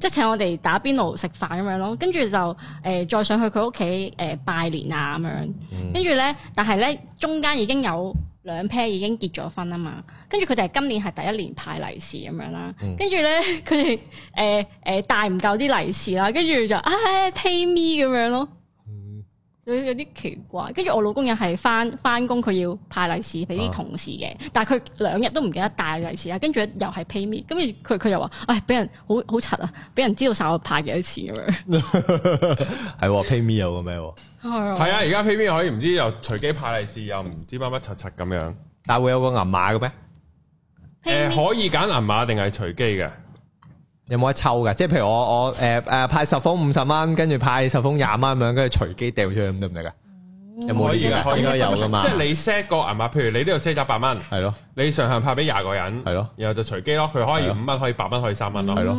Speaker 2: 即係請我哋打邊爐食飯咁樣咯，跟住就誒、呃、再上去佢屋企誒拜年啊咁樣，跟住咧但係咧中間已經有兩 pair 已經結咗婚啊嘛，跟住佢哋今年係第一年派利是咁樣啦，跟住咧佢哋誒誒帶唔夠啲利是啦，跟住就唉、啊啊、pay me 咁樣咯。 [MUSIC] 有啲奇怪，跟住我老公又係翻翻工，佢要派利是俾啲同事嘅，啊、但係佢兩日都唔記得帶利是啦，跟住又係 PayMe，咁佢佢又話，唉，俾人好好柒啊，俾人知道晒我派幾多次咁樣，
Speaker 1: 係 PayMe 有個咩？係啊，係啊，而 [NOISE] 家樂 PayMe 可以唔知又隨機派利是，又唔知乜乜柒柒咁樣， [MUSIC] 但會有個銀碼嘅咩？
Speaker 3: 誒、嗯，可以揀銀碼定係隨機嘅？有冇得抽嘅？即係譬如我我誒誒派十封五十蚊，跟住派十封廿蚊咁樣，跟住隨機掉出去咁得唔得噶
Speaker 4: 有冇可以噶，應該有噶嘛。即係
Speaker 1: 你 set 個係嘛？譬如你呢度 set 一百蚊，係咯，你上限派俾廿個人，係咯，然後就隨機咯。佢可以五蚊，可以八蚊，可以三蚊咯。係咯，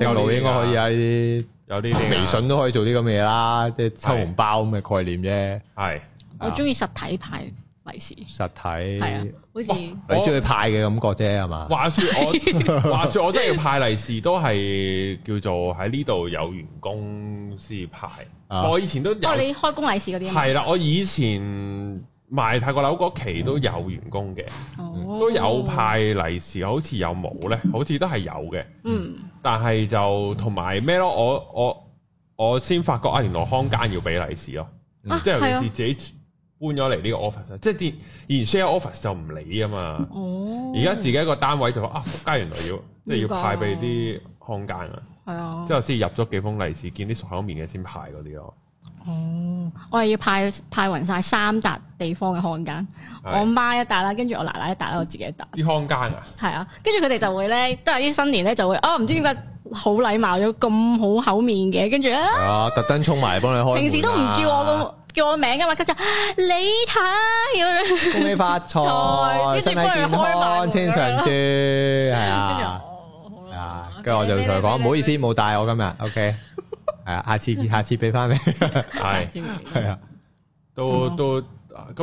Speaker 1: 正路應該可以，喺有啲微信都可
Speaker 3: 以做啲咁嘅嘢啦，即係抽紅包咁嘅概念啫。係我中意
Speaker 2: 實體派。利是
Speaker 3: 實
Speaker 1: 體
Speaker 2: 好似、啊哦、你中
Speaker 1: 意派嘅感覺啫，係嘛我？話說我，話 [LAUGHS] 說我真係要派利是都係叫做喺呢度有員工先派。我以前都不過你
Speaker 2: 開工利是嗰啲係啦，
Speaker 1: 我以前賣泰國樓嗰期都有員工嘅，嗯、
Speaker 2: 都有
Speaker 1: 派利是，好似有冇咧？好似都係有嘅，嗯。嗯，但係就同埋咩咯？我我我先發覺阿原來康間要俾利是咯，
Speaker 4: 即係尤其是
Speaker 1: 自己。搬咗嚟呢個 office 即係啲然 share office 就唔理啊嘛。
Speaker 4: 哦，而家自己一
Speaker 1: 個單位就啊，家原來要即係要派俾啲看更啊。係啊，
Speaker 2: 之後
Speaker 1: 先入咗幾封利是，見啲熟口面嘅先派嗰啲咯。哦，
Speaker 2: 我係要派派勻晒三笪地方嘅看更，是我媽一笪啦，跟住我奶奶一笪啦，我自己一笪。
Speaker 1: 啲看更啊？
Speaker 2: 係啊，跟住佢哋就會咧，都係啲新年咧就會哦，唔知點解好禮貌咗咁好口面嘅，跟住
Speaker 1: 咧啊，啊，
Speaker 3: 特登衝埋幫你開，啊。平時都唔叫我咁。啊
Speaker 2: 叫我名啊嘛，跟住你睇，咁樣，
Speaker 3: 恭喜發財，身體健康，青春常駐，係啊，係啊，跟住我就同佢講，唔好意思，冇帶我今日，OK，係啊，下次下次俾翻你，係係啊，
Speaker 1: 都都咁，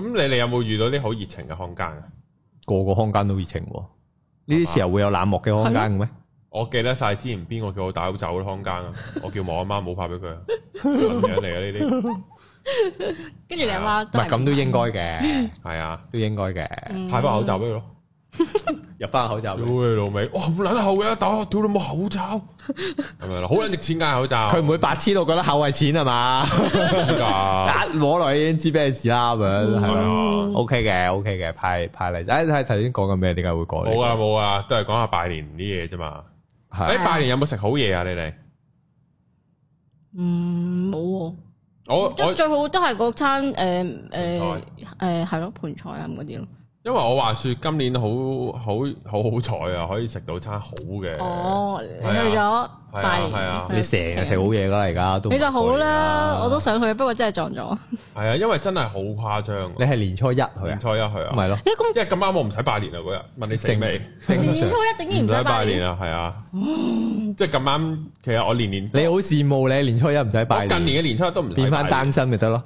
Speaker 1: 你哋有冇遇到啲好熱情嘅空間啊？
Speaker 3: 個個空間都熱情喎，呢啲時候會有冷漠嘅空
Speaker 1: 間嘅咩？我記得晒之前邊個叫我打走啲空間啊？我叫我阿媽唔好拍俾佢啊，信樣嚟啊呢啲。
Speaker 4: 跟住你阿媽唔係咁都應該嘅，
Speaker 1: 係啊都應該嘅，派翻口罩俾佢咯，入翻口罩。喂老味，我唔捻得好呀，但係丟了冇口罩，係咪啦？好捻值錢間口罩，佢唔會白痴到覺得厚
Speaker 3: 係錢係嘛？真噶，一攞嚟已經知咩事啦咁樣係啦。OK 嘅，OK 嘅，派派嚟。誒，頭先講緊咩？點解會過嚟？冇噶，
Speaker 1: 冇噶，都係講下拜年啲嘢啫嘛。
Speaker 3: 喺拜年
Speaker 1: 有冇食好嘢啊？你哋？嗯，
Speaker 2: 冇。我，我最好都係嗰餐誒係咯盆菜啊嗰啲。
Speaker 1: 因為我話說今年好好好好彩啊，可以食到餐好嘅。哦，你去咗？係啊係，啊，年啊啊你成日食好嘢噶，而家都。你就
Speaker 2: 好啦，我都想去，不過真係撞咗。
Speaker 1: 係啊，因為真係好誇張。你係年初一去？年初一去啊。咪、啊、咯。誒，因為咁啱我唔使拜年啊嗰日，問你食未？年初一定唔使拜年啊，係 [LAUGHS] 啊。即係咁啱，其實我年年 [LAUGHS] 你好羨慕你，年初一唔使拜年。我近年嘅年初一都唔。變翻單身咪得咯。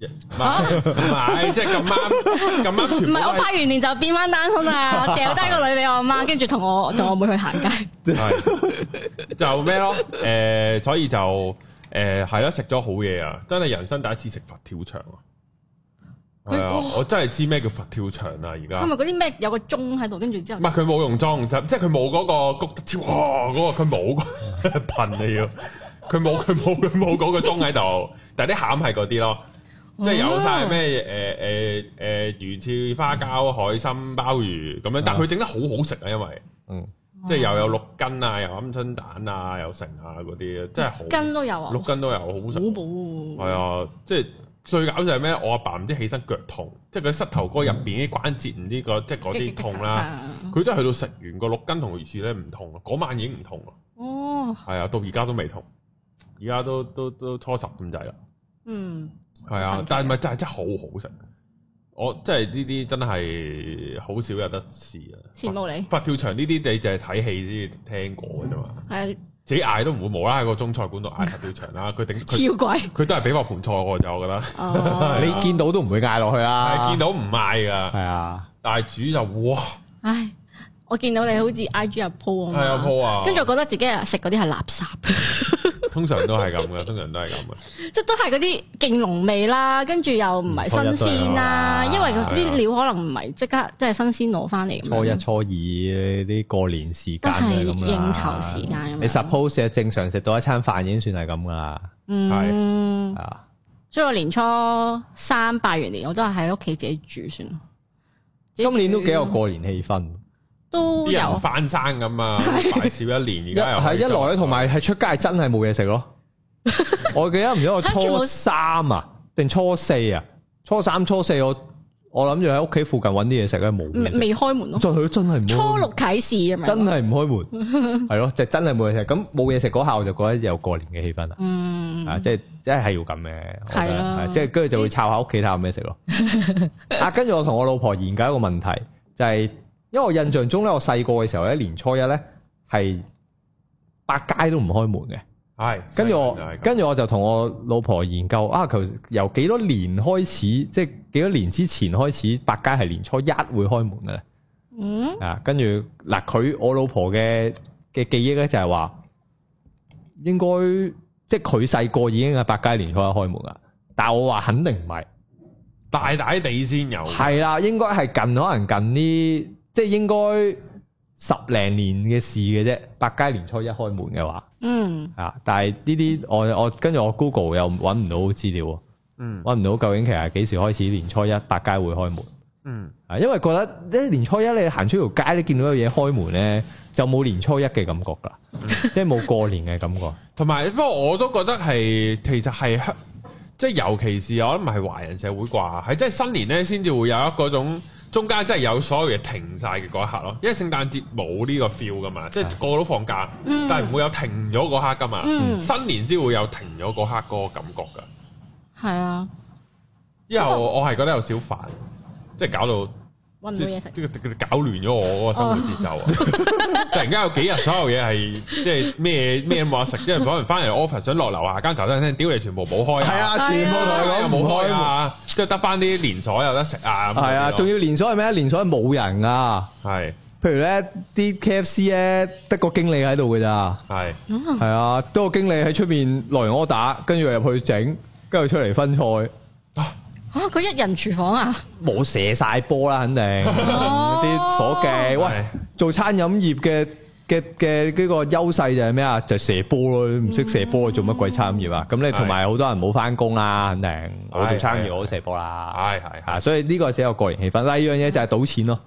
Speaker 1: 唔
Speaker 3: 係，即係
Speaker 1: 咁啱，咁啱唔係。我拜
Speaker 2: 完年就變翻單身啊，掉低個女俾我阿媽，跟住同我同我妹妹去行街。
Speaker 1: 就咩咯？誒、欸，所以就誒係咯，食、欸、咗好嘢啊！真係人生第一次食佛跳牆啊！係、欸、啊，我真係知咩叫佛跳牆啊。而家係咪
Speaker 2: 嗰啲咩有個鐘喺度？跟住之後唔係
Speaker 1: 佢冇用鐘，就即係佢冇嗰個谷超個，佢冇、那個盆要，佢冇佢冇佢冇嗰個鐘喺度，但啲餡係嗰啲咯。嗯、即係有晒咩誒誒誒魚翅、花膠、海參、鮑魚咁樣，但係佢整得好好食啊！因為嗯，嗯即係有、啊、又有六根啊，又鵪鶉蛋啊，又成啊嗰啲，即係六根都有啊，六根都有好食，好補。係啊寶，即係、就是、最搞笑係咩？我阿爸唔知起身腳痛，即係佢膝頭哥入邊啲關節唔、嗯、知個即係嗰啲痛啦。佢真係去到食完個六根同魚翅咧唔痛，嗰晚已經唔痛。哦、
Speaker 4: 嗯，
Speaker 1: 係啊，到而家都未痛，而家都都都初十咁滯啦。嗯。係啊，但係咪真係真係好好食？我真係呢啲真係好少有得試啊！
Speaker 4: 羨慕你，
Speaker 2: 佛
Speaker 1: 跳牆呢啲你就係睇戲先聽過嘅啫嘛。係自己嗌都唔會冇啦，喺個中菜館度嗌佛跳牆啦。佢頂超貴，佢都係俾個盤菜我就覺得。你見到都唔會嗌落去啦。見到唔嗌噶，係啊。但係煮就哇！
Speaker 2: 唉，我見到你好似 I G 入鋪啊，入鋪啊。跟住覺得自己食嗰啲係垃圾。
Speaker 1: 通常都係咁嘅，通常都係咁
Speaker 2: 嘅， [LAUGHS] 即係都係嗰啲勁濃味啦，跟住又唔係新鮮啦，啊、因為嗰啲料可能唔係即刻即係新鮮攞翻嚟。初一
Speaker 3: 初二啲過年時間係咁應酬時間，你 suppose 正常食到一餐飯已經算係咁噶啦，嗯，係啊。
Speaker 2: 所以我年初三拜完年，我都係喺屋企自己煮
Speaker 1: 算。
Speaker 3: 今年都幾有過年氣氛。
Speaker 1: 啲人翻山咁啊，少一年而家，又係一來，同
Speaker 3: 埋係出街真係冇嘢食咯。
Speaker 1: 我
Speaker 3: 記得唔知我初三啊，定初四啊，初三初四我我諗住喺屋企附近搵啲嘢食咧，冇，
Speaker 2: 未開門咯。
Speaker 3: 真係初六
Speaker 2: 開始啊，真係
Speaker 3: 唔開門，係咯，就真係冇嘢食。咁冇嘢食嗰下，我就覺得有過年嘅氣氛啦。嗯，啊，即係即係係要咁嘅，係啦，即係跟住就會抄下屋企睇下有咩食咯。啊，跟住我同我老婆研究一個問題，就係。因為我印象中咧，我細個嘅時候咧，年初一咧係百佳都唔開門嘅。係是，跟住我跟住我就同我老婆研究啊，由由幾多年開始，即係幾多年之前開始，百佳係年初一會開門嘅啦。嗯啊，啊，跟住嗱佢我老婆嘅嘅記憶咧就係話，應該即係佢細個已經係百佳年初一開門啦。但係我話肯定唔係，大大地先有。係啦，應該係近，可能近啲。即係應該十零年嘅事嘅啫，百佳年初一開門嘅話，嗯，啊，但係呢啲我我跟住我 Google 又搵唔到資料，嗯，搵唔到究竟其實幾時開始年初一百佳會開門，嗯，啊，因為覺得一年初一你行出條街，你見到有嘢開門咧，就冇年初一嘅感覺噶，嗯、即係冇過年嘅感覺。
Speaker 1: 同埋， [LAUGHS] 不過我都覺得係其實係香，即係尤其是我諗唔係華人社會啩，係即係新年咧先至會有一個種。中間真係有所有嘢停晒嘅嗰一刻咯，因為聖誕節冇呢個 feel 㗎嘛，即係的個個都放假，嗯、但係唔會有停咗嗰刻㗎嘛。嗯、新年先會有停咗嗰刻嗰個感覺㗎。
Speaker 2: 係啊的，
Speaker 1: 之後我係覺得有少煩，即係、嗯、搞到。搵唔到嘢食，即係搞亂咗我嗰個生活節奏啊！突然間有幾日，所有嘢係即係咩咩冇得食，即係可能翻嚟 office 想落樓下間茶餐廳，屌你全部冇開，係
Speaker 3: 啊，全部同你講冇開
Speaker 1: 啊，即係得翻啲連鎖有得食啊，係啊，仲要
Speaker 3: 連鎖係咩？連鎖係冇人㗎，係，譬如咧啲 KFC 咧得個經理喺度㗎咋，係，係啊，得個經理喺出面來我打，跟住入去整，跟住出嚟分菜。
Speaker 2: 吓，佢、哦、一人廚房啊！
Speaker 3: 冇射晒波啦，肯定
Speaker 4: 啲伙計
Speaker 3: 喂，做餐飲業嘅嘅嘅呢個優勢就係咩啊？就係、射波咯，唔識射波、嗯、做乜鬼餐飲業啊？咁、嗯、你同埋好多人冇翻工啦，肯定、哎、我做餐飲、哎，都射波啦。係係、哎，所以呢個只有個人氣氛。另外一樣嘢就係賭錢咯。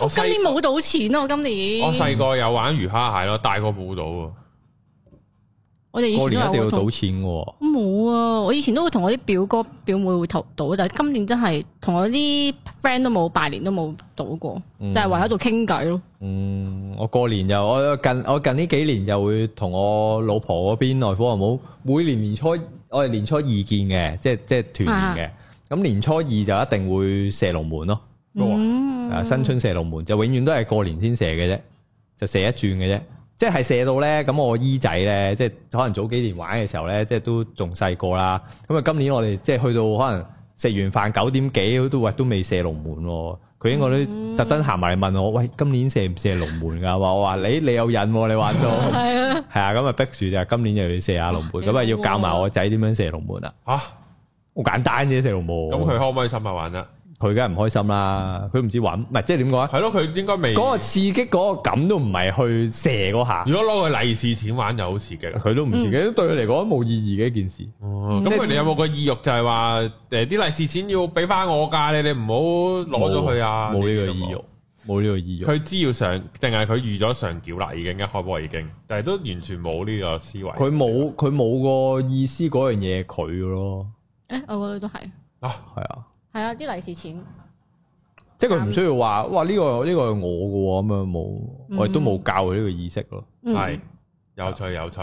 Speaker 1: 我今
Speaker 2: 年冇賭錢咯，今年我細
Speaker 1: 個有玩魚蝦蟹咯，大個冇賭。
Speaker 2: 我哋以前都有同，過年一定要賭
Speaker 1: 錢喎，
Speaker 2: 冇啊！我以前都會同我啲表哥表妹會投賭，但係今年真係同我啲 friend 都冇，拜年都冇賭過，就係圍喺度傾偈咯。
Speaker 3: 嗯，我過年又我近我近呢幾年又會同我老婆嗰邊外父外母，每年年初我哋年初二見嘅，即係即係團圓嘅。咁年初二就一定會射龍門咯，
Speaker 4: 啊，新春
Speaker 3: 射龍門就永遠都係過年先射嘅啫，就射一轉嘅啫。即係射到咧，咁我姨仔咧，即係可能早幾年玩嘅時候咧，即係都仲細個啦。咁啊，今年我哋即係去到可能食完飯九點幾，都話都未射龍門。佢應該都特登行埋嚟問我：喂，今年射唔射龍門噶？話我話你你有癮、啊，你玩到係 [LAUGHS] 啊。係啊，咁啊逼住就今年又要射下龍門，咁啊哇要教埋我仔點樣射龍門啊？吓，好簡單啫，射龍門。咁佢可唔可以深入玩啊？佢梗係唔開心啦，佢唔知玩，唔係即係點講啊？係咯，佢應該未嗰個刺激，嗰個感都唔係去射嗰下。如
Speaker 1: 果攞個利是錢玩就好刺激，佢都唔自己，對佢嚟講冇意義嘅一件事。咁佢哋有冇個意欲就係話誒，啲利是錢要俾翻我噶，你你唔好攞咗佢啊！冇呢個意欲，冇呢個意欲。佢知要上，定係佢預咗上繳啦，已經一開波已經，但係都完全冇呢個思維。
Speaker 3: 佢冇，佢冇個意思嗰樣嘢，佢嘅咯。
Speaker 2: 誒，我覺得都係
Speaker 3: 寶寶啊，係啊。
Speaker 2: 係啊，啲利是錢，
Speaker 3: 即係佢唔需要話哇呢個呢個係我嘅，咁樣冇，我亦都冇教佢呢個意識咯。係有趣有趣，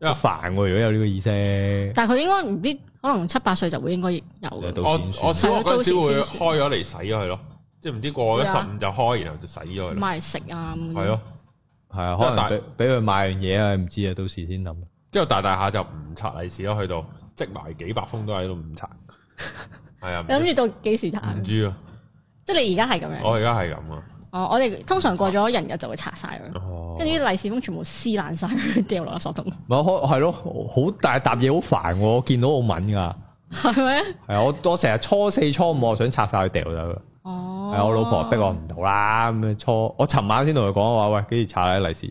Speaker 3: 因為煩喎。如果有呢個意識，
Speaker 2: 但係佢應該唔知，可能七八歲就會應該有嘅。到時我我少少會
Speaker 1: 開咗嚟使咗佢咯，即係唔知過咗十五就開，然後就使咗佢。
Speaker 2: 買食啊，係
Speaker 1: 咯，係啊，可能俾俾佢買樣嘢啊，唔知啊，到時先諗。之後大大下就唔拆利是咯，去到積埋幾百封都喺度唔拆。係啊，諗住
Speaker 2: 到幾時拆？唔
Speaker 3: 知
Speaker 1: 啊，
Speaker 2: 即係你而家係咁樣。我而家係咁啊。哦，我哋通常過咗人日就會拆晒
Speaker 3: 佢。哦、啊，跟
Speaker 2: 住啲利是封全部撕爛晒，掉落垃圾桶。
Speaker 3: 唔係開係咯，好大沓嘢，好煩。我見到我敏噶，
Speaker 4: 係咪？
Speaker 3: 係我我成日初四初五我想拆晒佢掉咗佢。哦，係、啊、我老婆逼我唔到啦。咁樣初我尋晚先同佢講話，喂，跟住拆啲利是，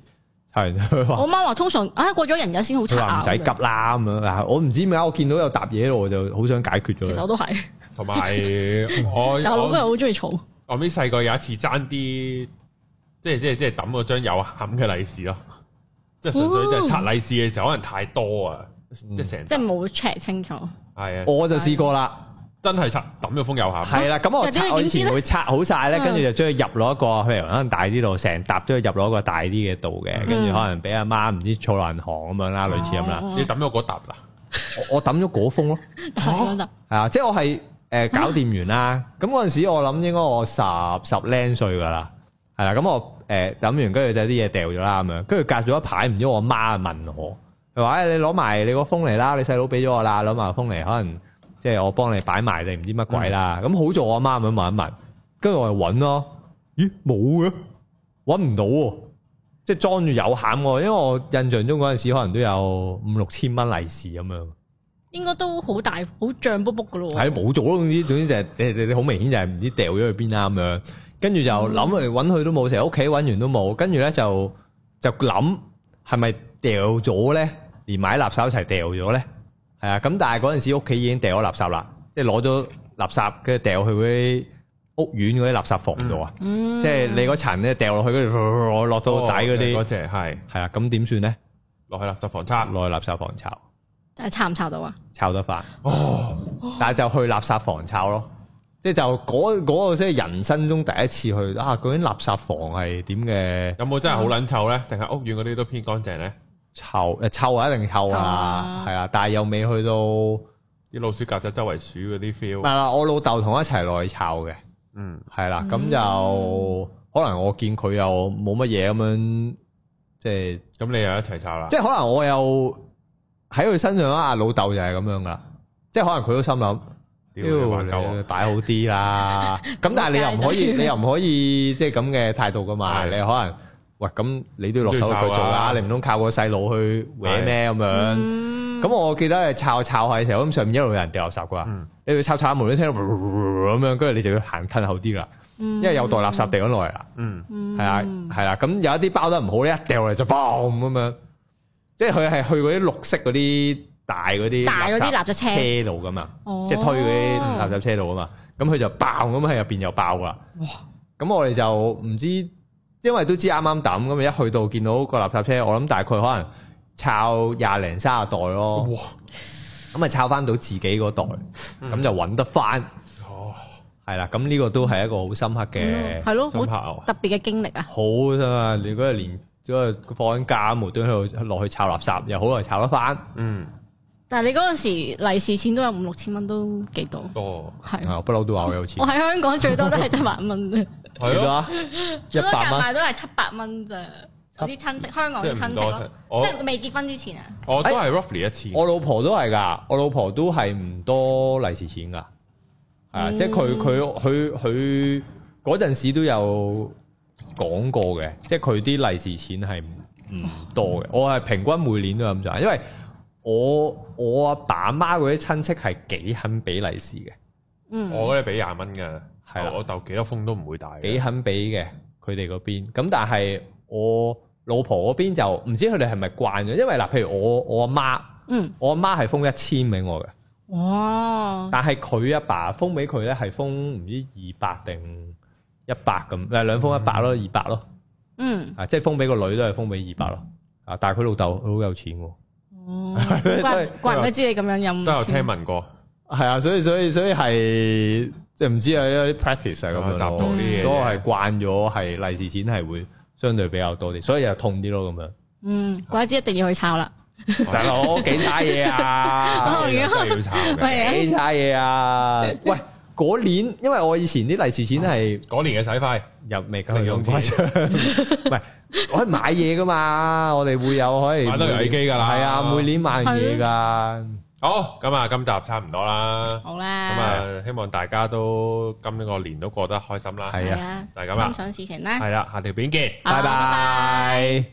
Speaker 3: 拆完佢話、
Speaker 2: 哎。我媽話通常啊過咗人日先好拆。佢唔使急
Speaker 3: 啦咁樣。我唔知點解，我見到有沓嘢咯，我就好想解決咗。
Speaker 2: 其實我都係。
Speaker 1: 同埋我，我都係好中意嘈。我咪細個有一次爭啲，即係即係即係抌咗張有冚嘅利是咯，即係純粹即係拆利是嘅時候，可能太多啊，即係成即係
Speaker 2: 冇 check 清楚。
Speaker 1: 係啊，我就試過啦，真係拆抌咗封有冚。係啦，
Speaker 3: 咁我拆之前會拆好晒咧，跟住就將佢入攞一個，譬如可能大啲度，成揼咗入攞一個大啲嘅度嘅，跟住可能俾阿媽唔知儲銀行咁樣啦，類似咁啦。你抌咗嗰揼啦，我抌咗嗰封咯，
Speaker 4: 揼嗰
Speaker 3: 揼係啊，即係我係。誒、嗯，搞掂完啦，咁嗰陣時我諗應該我十十零歲噶啦，係啦，咁我誒諗、欸、完，跟住就啲嘢掉咗啦，咁樣，跟住隔咗一排，唔知我媽問我，佢話誒你攞埋你個封嚟啦，你細佬俾咗我啦，攞埋封嚟，可能即係我幫你擺埋你唔知乜鬼啦，咁、嗯嗯、好在我媽咁樣問一問，跟住我就搵咯、啊，咦冇嘅，搵唔到、啊，即係裝住有餡，因為我印象中嗰陣時可能都有五六千蚊利是咁樣。
Speaker 2: 應該都好大，好脹卜卜噶咯。係
Speaker 3: 冇咗，總之總之就係你你你好明顯就係唔知掉咗去邊啦咁樣，跟住就諗嚟搵佢都冇，成屋企搵完都冇，跟住咧就就諗係咪掉咗咧，連埋垃圾一齊掉咗咧？係啊，咁但係嗰陣時屋企已經掉咗垃圾啦，即係攞咗垃圾跟住掉去嗰啲屋苑嗰啲垃圾房度啊。嗯，
Speaker 4: 即係你
Speaker 3: 嗰層咧掉落去嗰度我落到底嗰啲嗰只係係啊，咁點算咧？落去垃圾房拆，落去垃圾房拆。
Speaker 2: 誒，炒唔炒到啊？
Speaker 3: 炒得翻哦！但係就去垃圾房炒咯，即係就嗰嗰個即係人生中第一次去啊！究竟垃圾房係點嘅？有冇真係好撚臭咧？定係屋
Speaker 1: 苑嗰啲都偏乾淨咧？
Speaker 3: 臭誒，臭啊，一定臭啊，係啊！但係又未去到啲老鼠夾仔周圍鼠嗰啲 feel。唔係啦，我老豆同一齊落去炒嘅，嗯，係啦，咁就，可能我見佢又冇乜嘢咁樣，即係咁你又一齊炒啦？即係可能我又。喺佢身上咧，阿老豆就係咁樣噶，即係可能佢都心諗，屌，擺好啲啦。咁但係你又唔可以，你又唔可以即係咁嘅態度噶嘛？你可能，喂，咁你都要落手去做啦。你唔通靠個細佬去搲咩咁樣？咁我記得係耖耖下嘅時候，咁上面一路有人掉垃圾噶，你去耖耖下門都聽到咁樣，跟住你就要行吞好啲啦，
Speaker 4: 因為有袋
Speaker 3: 垃圾掉咗落嚟啦。嗯，係啊，係啦。咁有一啲包得唔好咧，一掉嚟就 boom 咁樣。即係佢係去嗰啲綠色嗰啲大嗰啲大啲垃圾車度噶嘛，哦、即係推嗰啲垃圾車度噶嘛，咁佢就爆咁喺入邊又爆啦。哇！咁我哋就唔知，因為都知啱啱抌咁，一去到見到個垃圾車，我諗大概可能抄廿零三十袋咯。哇！咁咪抄翻到自己嗰袋，咁就揾得翻。哦，係啦，咁呢個都係一個好深刻嘅，係咯、嗯，
Speaker 2: 特別嘅經歷啊。
Speaker 3: 好啊，你嗰年。嗰個放緊假，無端喺度落去炒垃圾，又好難炒得翻。嗯，
Speaker 2: 但係你嗰陣時利是錢都有五六千蚊，6, 都幾多？哦了，係
Speaker 3: 不嬲都話我有錢。 [LAUGHS] 我喺
Speaker 2: 香港最多都係七 [LAUGHS] 了 [LAUGHS] 百蚊啫，
Speaker 3: 係咯，
Speaker 2: 七百蚊都係七百蚊啫。啲親戚香港嘅親戚咯，即係我未結婚之前
Speaker 1: 啊。我都係 roughly 一次、哎。我老婆
Speaker 3: 都係噶，我老婆都係唔多利、嗯、是錢噶，係啊，即係佢佢佢佢嗰陣時都有。講過嘅，即係佢啲利是錢係唔多嘅。我係平均每年都咁就，因為我我阿爸阿媽嗰啲親戚係幾肯俾利是嘅。嗯，
Speaker 4: 我覺得
Speaker 3: 俾廿蚊噶，係啦，我就幾多封都唔會大，幾肯俾嘅。佢哋嗰邊，咁但係我老婆嗰邊就唔知佢哋係咪慣咗，因為嗱，譬如我我阿媽，嗯，我阿媽係封一千俾我嘅，
Speaker 4: 哇！但
Speaker 3: 係佢阿爸封俾佢咧，係封唔知二百定。一百咁，誒兩封一百咯，二百咯，
Speaker 4: 嗯，
Speaker 3: 啊即係封俾個女都係封俾二百咯，啊但係佢老豆好有錢嘅，哦、嗯，
Speaker 4: 怪
Speaker 3: 怪唔得知
Speaker 2: 你咁樣飲，都有聽聞
Speaker 3: 過，係 [LAUGHS] 啊，所以所以所以係即係唔知啊，因為 practice 啊咁樣，答到啲嘢，所以係慣咗，係利是錢係會相對比較多啲，所以又痛啲咯咁樣，嗯，
Speaker 2: 怪唔之一定要去炒啦，
Speaker 3: 大佬幾差嘢啊，幾差嘢啊， [LAUGHS] [LAUGHS] 啊，喂。 [LAUGHS] 嗰年，因為我以前啲利是錢係嗰年嘅使費入未夠用錢，唔係我係買嘢噶嘛，我哋會有可以買到遊戲機噶啦，係啊，每年買嘢噶。
Speaker 1: 好，咁啊，今集差唔多啦，好啦，咁啊，希望大家都今呢個年都過得開心啦，係啊，就咁啦，心想事成啦，係啦，下條片見，拜拜。